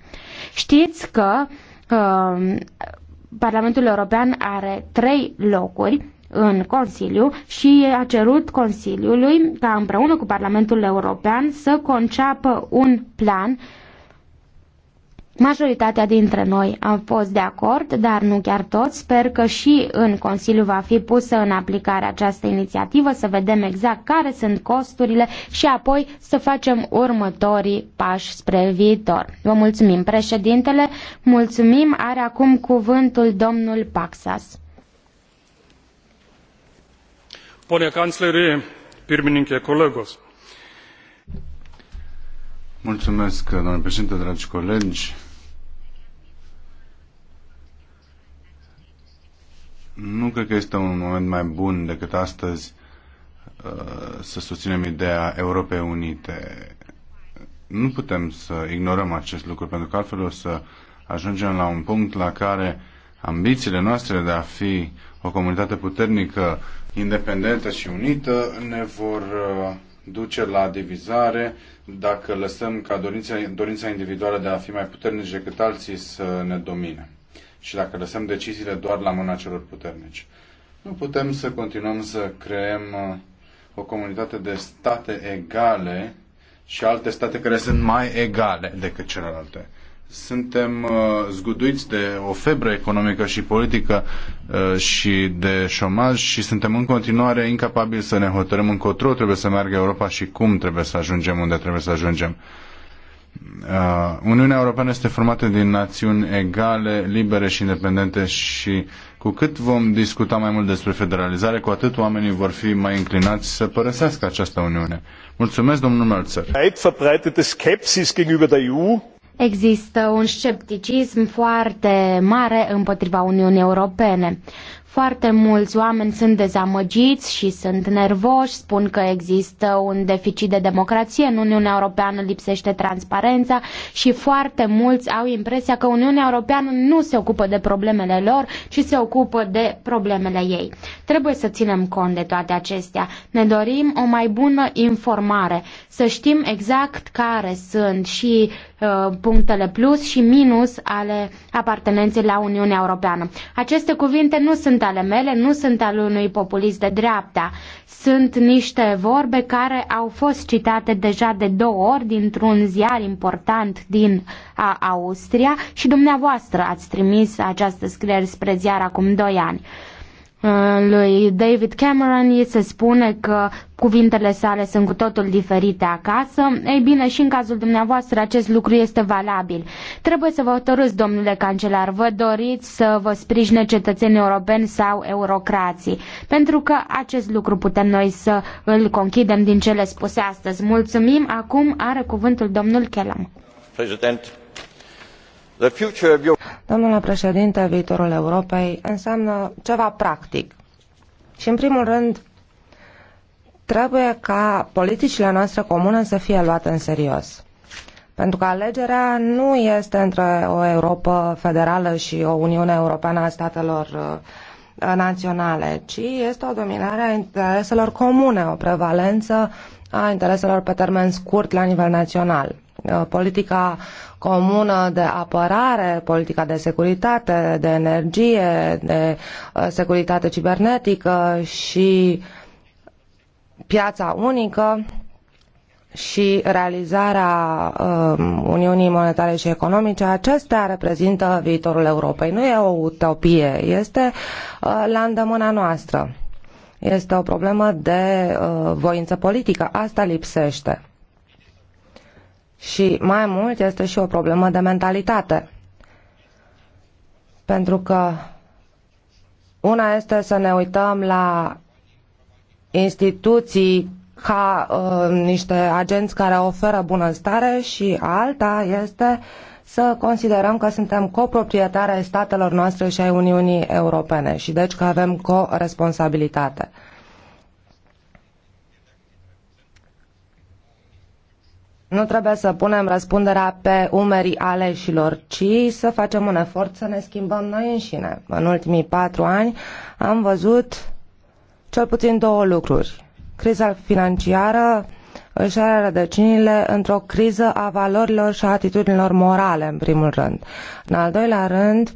Speaker 5: Știți că uh, Parlamentul European are trei locuri în Consiliu și a cerut Consiliului ca împreună cu Parlamentul European să conceapă un plan Majoritatea dintre noi am fost de acord, dar nu chiar toți. Sper că și în Consiliu va fi pusă în aplicare această inițiativă, să vedem exact care sunt costurile și apoi să facem următorii pași spre viitor. Vă mulțumim, președintele. Mulțumim. Are acum cuvântul domnul Paxas.
Speaker 3: Pone kancleri, pirmininke, kolegos.
Speaker 7: Mulțumesc, președinte, dragi colegi. Nu cred că este un moment mai bun decât astăzi uh, să susținem ideea Europei Unite. Nu putem să ignorăm acest lucru, pentru că altfel o să ajungem la un punct la care ambițiile noastre de a fi o comunitate puternică independentă și unită ne vor uh, duce la divizare dacă lăsăm ca dorința, dorința individuală de a fi mai puternici decât alții să ne domine și dacă lăsăm deciziile doar la mâna celor puternici. Nu putem să continuăm să creăm uh, o comunitate de state egale și alte state care sunt mai egale decât celelalte suntem uh, zguduiți de o febră economică și politică uh, și de șomaj și suntem în continuare incapabili să ne hotărâm încotro trebuie să meargă Europa și cum trebuie să ajungem unde trebuie să ajungem. Uh, Uniunea Europeană este formată din națiuni egale, libere și independente și cu cât vom discuta mai mult despre federalizare, cu atât oamenii vor fi mai inclinați să părăsească această Uniune. Mulțumesc, domnul Mălțăr.
Speaker 5: Există un scepticism foarte mare împotriva Uniunii Europene. Foarte mulți oameni sunt dezamăgiți și sunt nervoși, spun că există un deficit de democrație, în Uniunea Europeană lipsește transparența și foarte mulți au impresia că Uniunea Europeană nu se ocupă de problemele lor, ci se ocupă de problemele ei. Trebuie să ținem cont de toate acestea. Ne dorim o mai bună informare, să știm exact care sunt și uh, punctele plus și minus ale apartenenței la Uniunea Europeană. Aceste cuvinte nu sunt ale mele, nu sunt al unui populist de dreapta. Sunt niște vorbe care au fost citate deja de două ori dintr-un ziar important din a, Austria și dumneavoastră ați trimis această scriere spre ziar acum doi ani. Uh, lui David Cameron îi se spune că cuvintele sale sunt cu totul diferite acasă, ei bine, și în cazul dumneavoastră acest lucru este valabil. Trebuie să vă hotărâți, domnule cancelar, vă doriți să vă sprijine cetățenii europeni sau eurocrații, pentru că acest lucru putem noi să îl conchidem din cele spuse astăzi. Mulțumim, acum are cuvântul domnul Kellam.
Speaker 3: Președinte.
Speaker 6: Domnule președinte, viitorul Europei înseamnă ceva practic. Și în primul rând, trebuie ca politicile noastre comune să fie luate în serios. Pentru că alegerea nu este între o Europa federală și o Uniune Europeană a statelor uh, naționale, ci este o dominare a intereselor comune, o prevalență a intereselor pe termen scurt la nivel național. Uh, politica comună de apărare, politica de securitate, de energie, de uh, securitate cibernetică și piața unică și realizarea um, Uniunii Monetare și Economice, acestea reprezintă viitorul Europei. Nu e o utopie, este uh, la îndemâna noastră. Este o problemă de voință politică. Asta lipsește. Și mai mult este și o problemă de mentalitate. Pentru că una este să ne uităm la instituții ca uh, niște agenți care oferă bunăstare și alta este să considerăm că suntem coproprietari ai statelor noastre și ai Uniunii Europene și deci că avem co-responsabilitate. Nu trebuie să punem răspunderea pe umerii aleșilor, ci să facem un efort să ne schimbăm noi înșine. În ultimii patru ani am văzut cel puțin două lucruri. Criza financiară își are rădăcinile într-o criză a valorilor și a atitudinilor morale, în primul rând. În al doilea rând,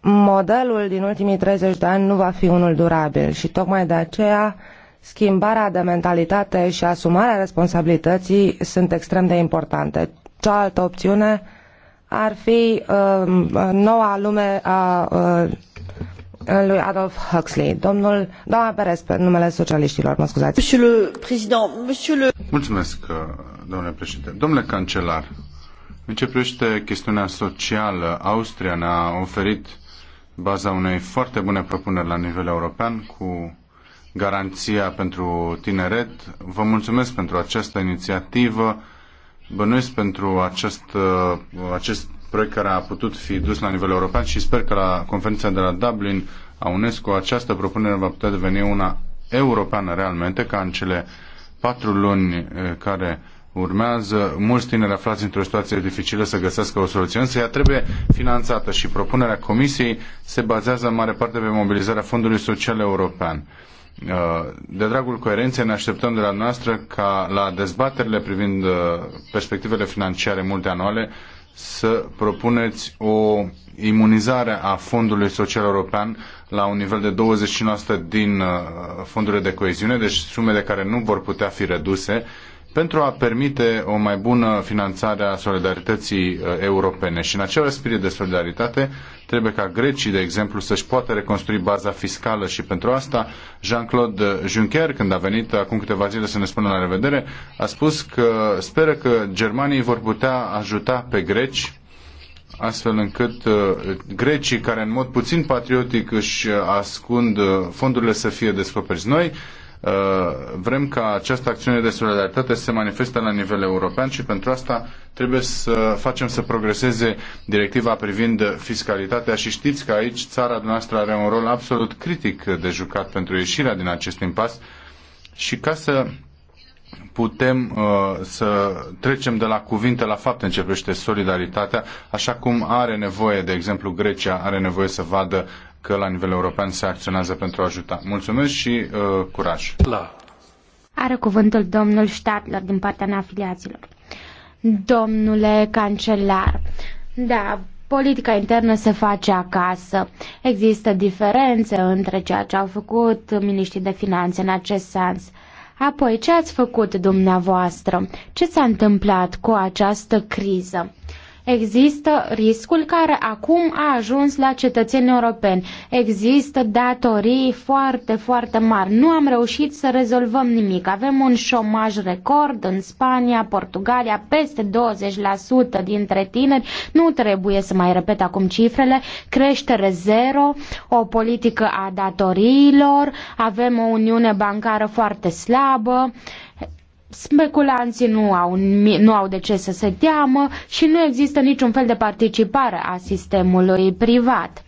Speaker 6: modelul din ultimii 30 de ani nu va fi unul durabil și tocmai de aceea schimbarea de mentalitate și asumarea responsabilității sunt extrem de importante. Cealaltă opțiune ar fi uh, noua lume a uh, lui Adolf Huxley. Domnul, doamna Perez, pe numele socialiștilor, mă scuzați.
Speaker 7: Mulțumesc, uh, domnule președinte. Domnule cancelar, în ce privește chestiunea socială, Austria ne-a oferit baza unei foarte bune propuneri la nivel european cu garanția pentru tineret. Vă mulțumesc pentru această inițiativă. Bănuiesc pentru acest, uh, acest proiect care a putut fi dus la nivel european și sper că la conferința de la Dublin a UNESCO această propunere va putea deveni una europeană realmente, ca în cele patru luni uh, care urmează, mulți tineri aflați într-o situație dificilă să găsească o soluție, însă ea trebuie finanțată și propunerea Comisiei se bazează în mare parte pe mobilizarea Fondului Social European. De dragul coerenței ne așteptăm de la noastră ca la dezbaterile privind uh, perspectivele financiare multianuale să propuneți o imunizare a Fondului Social European la un nivel de 29% din uh, fondurile de coeziune, deci sume de care nu vor putea fi reduse pentru a permite o mai bună finanțare a solidarității uh, europene. Și în acel spirit de solidaritate trebuie ca grecii, de exemplu, să-și poată reconstrui baza fiscală și pentru asta Jean-Claude Juncker, când a venit acum câteva zile să ne spună la revedere, a spus că speră că germanii vor putea ajuta pe greci astfel încât uh, grecii care în mod puțin patriotic își ascund uh, fondurile să fie descoperiți. Noi Uh, vrem ca această acțiune de solidaritate să se manifeste la nivel european și pentru asta trebuie să facem să progreseze directiva privind fiscalitatea și știți că aici țara noastră are un rol absolut critic de jucat pentru ieșirea din acest impas și ca să putem uh, să trecem de la cuvinte la fapte începește solidaritatea, așa cum are nevoie, de exemplu, Grecia are nevoie să vadă că la nivel european se acționează pentru a ajuta. Mulțumesc și uh, curaj! La.
Speaker 5: Are cuvântul domnul Stadler din partea neafiliaților. Domnule cancelar, da, politica internă se face acasă. Există diferențe între ceea ce au făcut miniștrii de finanțe în acest sens. Apoi, ce ați făcut dumneavoastră? Ce s-a întâmplat cu această criză? Există riscul care acum a ajuns la cetățenii europeni. Există datorii foarte, foarte mari. Nu am reușit să rezolvăm nimic. Avem un șomaj record în Spania, Portugalia, peste 20% dintre tineri. Nu trebuie să mai repet acum cifrele. Creștere zero, o politică a datoriilor, avem o uniune bancară foarte slabă speculanții nu au, nu au de ce să se teamă și nu există niciun fel de participare a sistemului privat.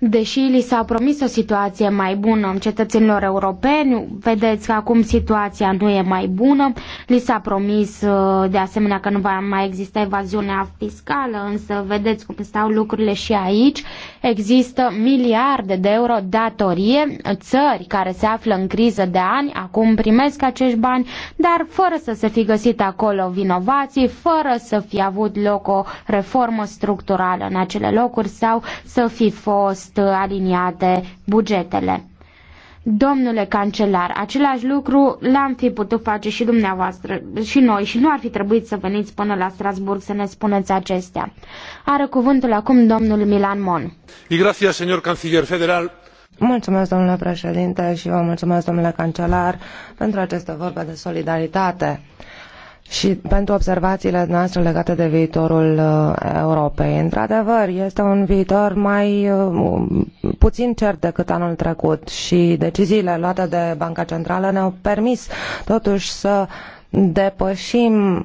Speaker 5: Deși li s-a promis o situație mai bună cetățenilor europeni, vedeți că acum situația nu e mai bună, li s-a promis uh, de asemenea că nu va mai exista evaziunea fiscală, însă vedeți cum stau lucrurile și aici. Există miliarde de euro datorie, țări care se află în criză de ani, acum primesc acești bani, dar fără să se fi găsit acolo vinovații, fără să fi avut loc o reformă structurală în acele locuri sau să fi fost fost aliniate bugetele. Domnule cancelar, același lucru l-am fi putut face și dumneavoastră și noi și nu ar fi trebuit să veniți până la Strasburg să ne spuneți acestea. Are cuvântul acum domnul Milan Mon.
Speaker 7: gracias, señor canciller federal.
Speaker 6: Mulțumesc, domnule președinte, și vă mulțumesc, domnule cancelar, pentru aceste vorbe de solidaritate și pentru observațiile noastre legate de viitorul uh, Europei. Într-adevăr, este un viitor mai uh, puțin cert decât anul trecut și deciziile luate de Banca Centrală ne-au permis totuși să depășim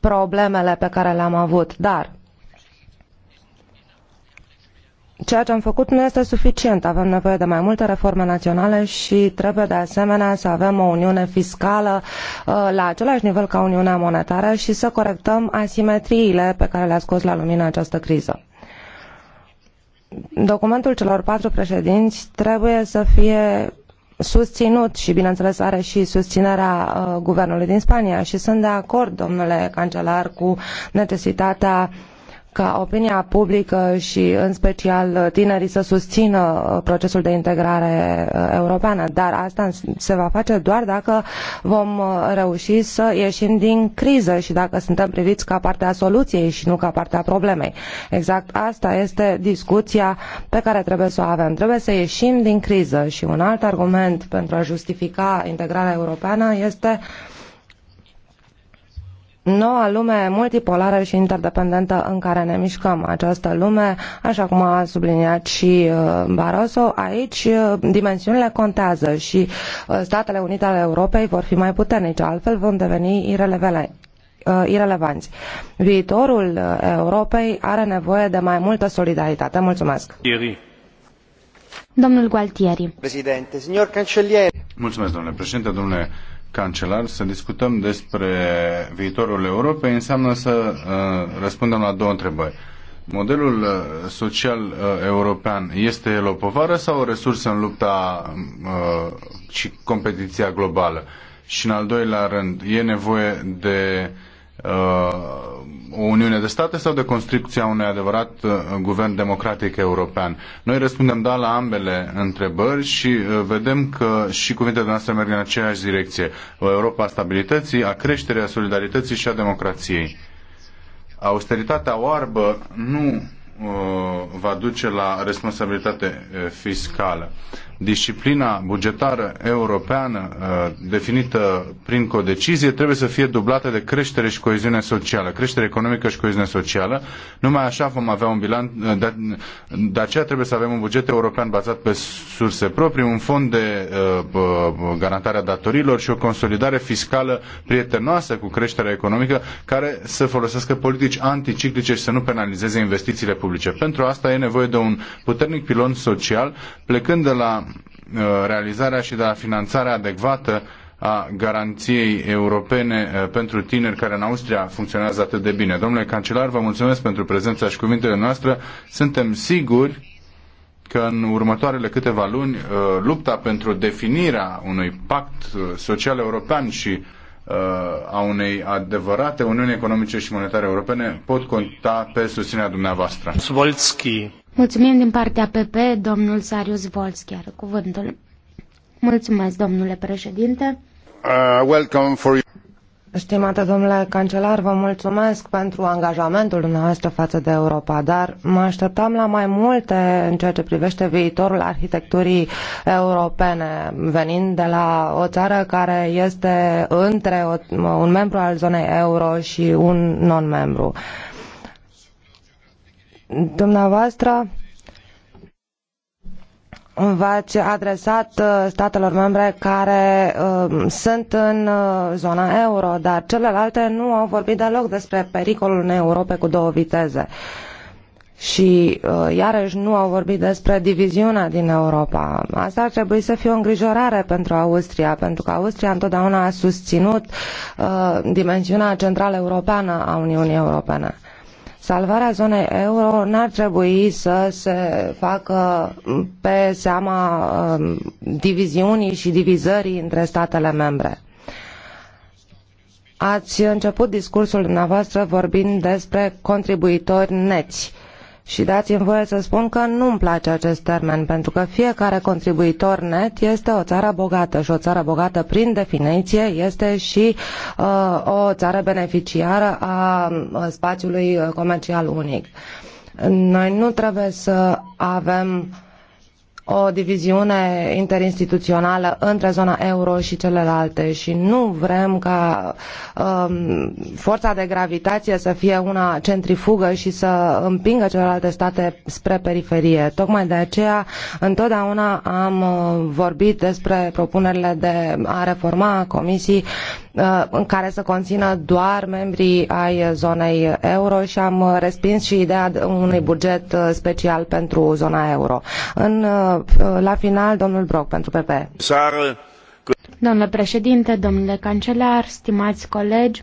Speaker 6: problemele pe care le-am avut, dar ceea ce am făcut nu este suficient. Avem nevoie de mai multe reforme naționale și trebuie de asemenea să avem o uniune fiscală uh, la același nivel ca Uniunea Monetară și să corectăm asimetriile pe care le-a scos la lumină această criză documentul celor patru președinți trebuie să fie susținut și, bineînțeles, are și susținerea uh, guvernului din Spania și sunt de acord, domnule cancelar, cu necesitatea uh, ca opinia publică și în special tinerii să susțină uh, procesul de integrare uh, europeană, dar asta se va face doar dacă vom uh, reuși să ieșim din criză și dacă suntem priviți ca parte a soluției și nu ca parte a problemei. Exact asta este discuția pe care trebuie să o avem. Trebuie să ieșim din criză și un alt argument pentru a justifica integrarea europeană este noua lume multipolară și interdependentă în care ne mișcăm. Această lume, așa cum a subliniat și uh, Barroso, aici uh, dimensiunile contează și uh, Statele Unite ale Europei vor fi mai puternice, altfel vom deveni irelevele irelevanți. Viitorul Europei are nevoie de mai multă solidaritate. Mulțumesc!
Speaker 7: Ieri.
Speaker 5: Domnul Gualtieri.
Speaker 7: Președinte, signor Cancellieri. Mulțumesc, domnule președinte, domnule cancelar, să discutăm despre viitorul Europei înseamnă să uh, răspundem la două întrebări. Modelul uh, social uh, european este el o povară sau o resursă în lupta uh, și competiția globală? Și în al doilea rând, e nevoie de uh, Uh, o Uniune de State sau de construcția unui adevărat uh, guvern democratic european. Noi răspundem da la ambele întrebări și uh, vedem că și cuvintele noastre merg în aceeași direcție. O Europa a stabilității, a creșterii, a solidarității și a democrației. Austeritatea oarbă nu va duce la responsabilitate fiscală disciplina bugetară europeană uh, definită prin codecizie trebuie să fie dublată de creștere și coeziune socială, creștere economică și coeziune socială. Numai așa vom avea un bilanț, uh, de, de aceea trebuie să avem un buget european bazat pe surse proprii, un fond de uh, garantare a datorilor și o consolidare fiscală prietenoasă cu creșterea economică care să folosească politici anticiclice și să nu penalizeze investițiile publice. Pentru asta e nevoie de un puternic pilon social, plecând de la Uh, realizarea și de la finanțarea adecvată a garanției europene uh, pentru tineri care în Austria funcționează atât de bine. Domnule cancelar, vă mulțumesc pentru prezența și cuvintele noastre. Suntem siguri că în următoarele câteva luni uh, lupta pentru definirea unui pact social european și a unei adevărate Uniuni Economice și Monetare Europene pot conta pe susținerea dumneavoastră. Zvolski.
Speaker 5: Mulțumim din partea PP, domnul Sarius Volski, cuvântul. Mulțumesc, domnule președinte.
Speaker 7: Uh, welcome for you.
Speaker 6: Stimate domnule cancelar, vă mulțumesc pentru angajamentul dumneavoastră față de Europa, dar mă așteptam la mai multe în ceea ce privește viitorul arhitecturii europene, venind de la o țară care este între un membru al zonei euro și un non-membru. Uh, Dumneavoastră v-ați adresat uh, statelor membre care uh, sunt în uh, zona euro, dar celelalte nu au vorbit deloc despre pericolul unei Europe cu două viteze. Și uh, iarăși nu au vorbit despre diviziunea din Europa. Asta ar trebui să fie o îngrijorare pentru Austria, pentru că Austria întotdeauna a susținut uh, dimensiunea centrală europeană a Uniunii Europene. Salvarea zonei euro n-ar trebui să se facă pe seama um, diviziunii și divizării între statele membre. Ați început discursul dumneavoastră vorbind despre contribuitori neți. Și dați-mi voie să spun că nu-mi place acest termen, pentru că fiecare contribuitor net este o țară bogată și o țară bogată, prin definiție, este și uh, o țară beneficiară a uh, spațiului comercial unic. Noi nu trebuie să avem uh, o diviziune interinstituțională între zona euro și celelalte și nu vrem ca um, forța de gravitație să fie una centrifugă și să împingă celelalte state spre periferie. Tocmai de aceea întotdeauna am uh, vorbit despre propunerile de a reforma comisii uh, în care să conțină doar membrii ai zonei euro și am respins și ideea unui buget uh, special pentru zona euro. În
Speaker 5: Uh, la final domnul Brock pentru PP.
Speaker 3: Sară.
Speaker 5: Domnule președinte, domnule cancelar, stimați colegi,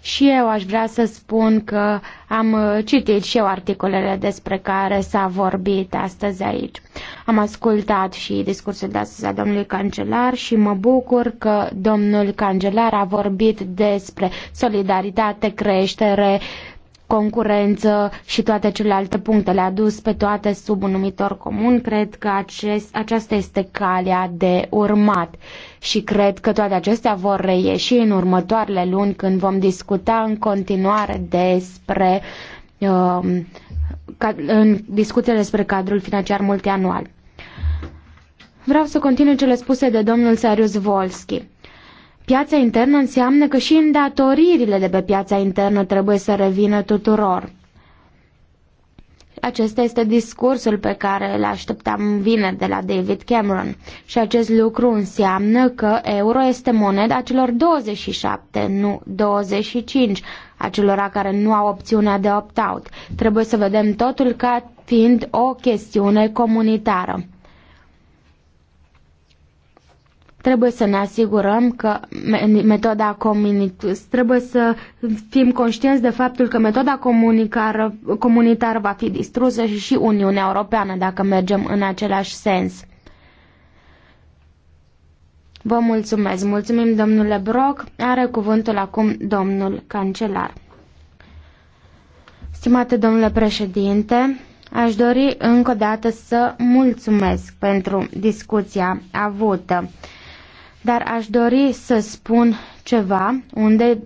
Speaker 5: și eu aș vrea să spun că am uh, citit și eu articolele despre care s-a vorbit astăzi aici. Am ascultat și discursul de astăzi a domnului cancelar și mă bucur că domnul cancelar a vorbit despre solidaritate, creștere, uh, concurență și toate celelalte puncte. Le-a dus pe toate sub un numitor comun. Cred că acest, aceasta este calea de urmat și cred că toate acestea vor reieși în următoarele luni când vom discuta în continuare despre um, în discuțiile despre cadrul financiar multianual. Vreau să continui cele spuse de domnul Sarius Volski. Piața internă înseamnă că și îndatoririle de pe piața internă trebuie să revină tuturor. Acesta este discursul pe care îl așteptam vine de la David Cameron și acest lucru înseamnă că euro este moneda celor 27, nu 25, acelora care nu au opțiunea de opt-out. Trebuie să vedem totul ca fiind o chestiune comunitară. Trebuie să ne asigurăm că metoda comunitară, trebuie să fim conștienți de faptul că metoda comunitară, comunitară va fi distrusă și, și Uniunea Europeană dacă mergem în același sens. Vă mulțumesc. Mulțumim, domnule Brock. Are cuvântul acum domnul cancelar. Stimate domnule președinte, aș dori încă o dată să mulțumesc pentru discuția avută dar aș dori să spun ceva unde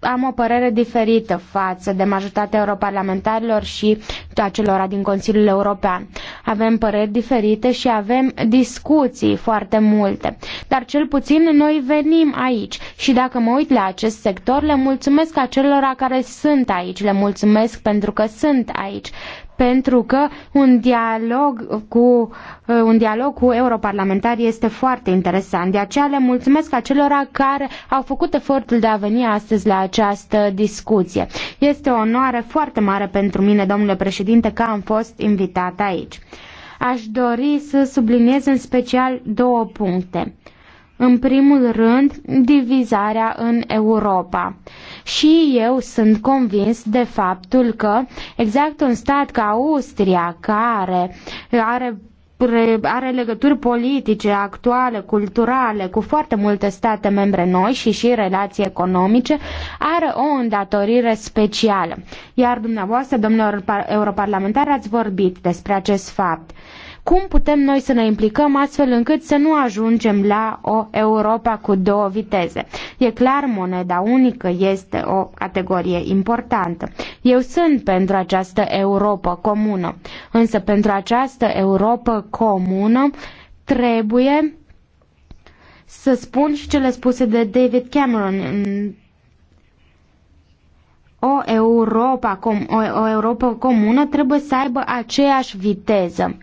Speaker 5: am o părere diferită față de majoritatea europarlamentarilor și acelora din Consiliul European. Avem păreri diferite și avem discuții foarte multe. Dar cel puțin noi venim aici și dacă mă uit la acest sector, le mulțumesc acelora care sunt aici, le mulțumesc pentru că sunt aici, pentru că un dialog cu, uh, un dialog cu europarlamentari este foarte interesant. De aceea le mulțumesc acelora care au făcut efortul de a veni astăzi la această discuție. Este o onoare foarte mare pentru mine, domnule președinte, că am fost invitat aici. Aș dori să subliniez în special două puncte. În primul rând, divizarea în Europa. Și eu sunt convins de faptul că exact un stat ca Austria, care are are legături politice, actuale, culturale, cu foarte multe state membre noi și și relații economice, are o îndatorire specială. Iar dumneavoastră, domnilor europarlamentari, ați vorbit despre acest fapt. Cum putem noi să ne implicăm astfel încât să nu ajungem la o Europa cu două viteze? E clar, moneda unică este o categorie importantă. Eu sunt pentru această Europa comună, însă pentru această Europa comună trebuie să spun și cele spuse de David Cameron o Europa, com, o, o Europa comună trebuie să aibă aceeași viteză.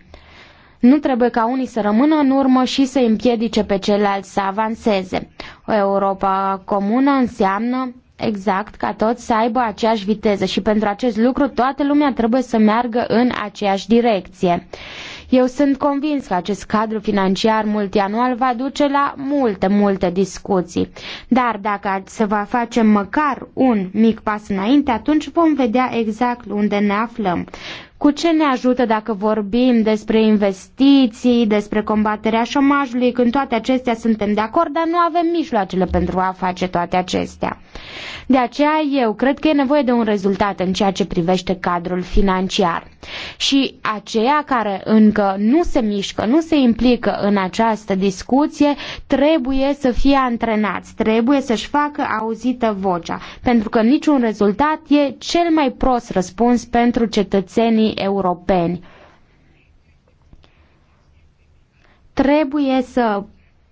Speaker 5: Nu trebuie ca unii să rămână în urmă și să împiedice pe ceilalți să avanseze. O Europa comună înseamnă exact ca toți să aibă aceeași viteză și pentru acest lucru toată lumea trebuie să meargă în aceeași direcție. Eu sunt convins că acest cadru financiar multianual va duce la multe, multe discuții. Dar dacă se va face măcar un mic pas înainte, atunci vom vedea exact unde ne aflăm. Cu ce ne ajută dacă vorbim despre investiții, despre combaterea șomajului, când toate acestea suntem de acord, dar nu avem mijloacele pentru a face toate acestea. De aceea eu cred că e nevoie de un rezultat în ceea ce privește cadrul financiar. Și aceia care încă nu se mișcă, nu se implică în această discuție, trebuie să fie antrenați, trebuie să-și facă auzită vocea, pentru că niciun rezultat e cel mai prost răspuns pentru cetățenii europeni. Trebuie să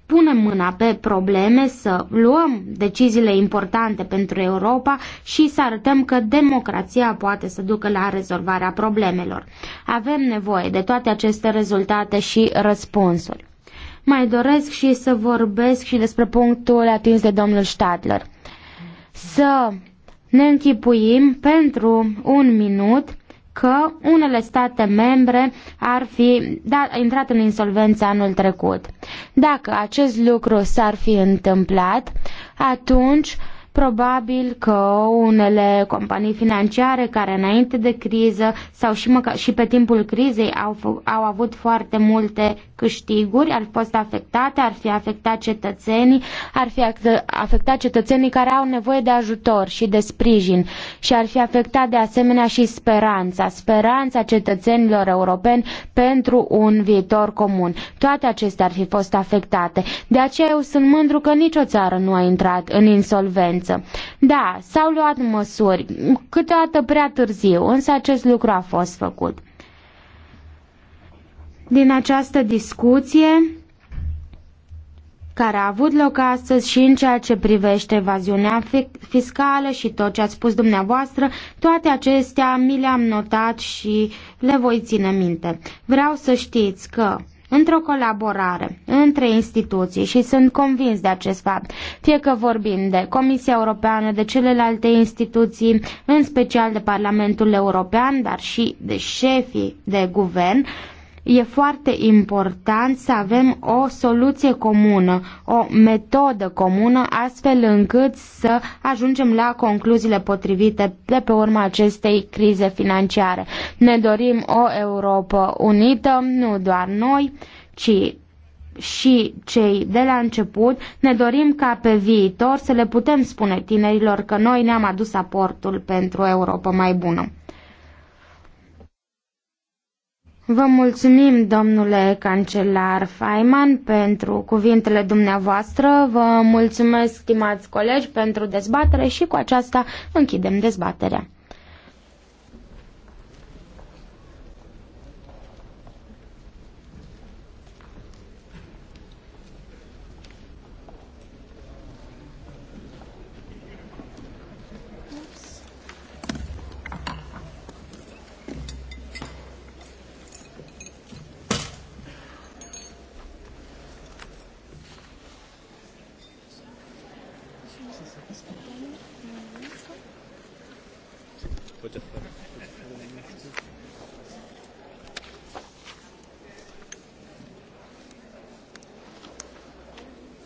Speaker 5: punem mâna pe probleme, să luăm deciziile importante pentru Europa și să arătăm că democrația poate să ducă la rezolvarea problemelor. Avem nevoie de toate aceste rezultate și răspunsuri. Mai doresc și să vorbesc și despre punctul atins de domnul Stadler. Să ne închipuim pentru un minut că unele state membre ar fi dat, intrat în insolvență anul trecut. Dacă acest lucru s-ar fi întâmplat, atunci probabil că unele companii financiare care înainte de criză sau și, măca, și pe timpul crizei au, au avut foarte multe câștiguri ar fi fost afectate, ar fi afectat cetățenii, ar fi afectat cetățenii care au nevoie de ajutor și de sprijin și ar fi afectat de asemenea și speranța, speranța cetățenilor europeni pentru un viitor comun. Toate acestea ar fi fost afectate. De aceea eu sunt mândru că nicio țară nu a intrat în insolvență. Da, s-au luat măsuri, câteodată prea târziu, însă acest lucru a fost făcut din această discuție care a avut loc astăzi și în ceea ce privește evaziunea fiscală și tot ce ați spus dumneavoastră, toate acestea mi le-am notat și le voi ține minte. Vreau să știți că într-o colaborare între instituții și sunt convins de acest fapt, fie că vorbim de Comisia Europeană, de celelalte instituții, în special de Parlamentul European, dar și de șefii de guvern, E foarte important să avem o soluție comună, o metodă comună, astfel încât să ajungem la concluziile potrivite de pe urma acestei crize financiare. Ne dorim o Europa unită, nu doar noi, ci și cei de la început, ne dorim ca pe viitor să le putem spune tinerilor că noi ne-am adus aportul pentru o Europa mai bună. Vă mulțumim, domnule cancelar Feynman, pentru cuvintele dumneavoastră. Vă mulțumesc, stimați colegi, pentru dezbatere și cu aceasta închidem dezbaterea.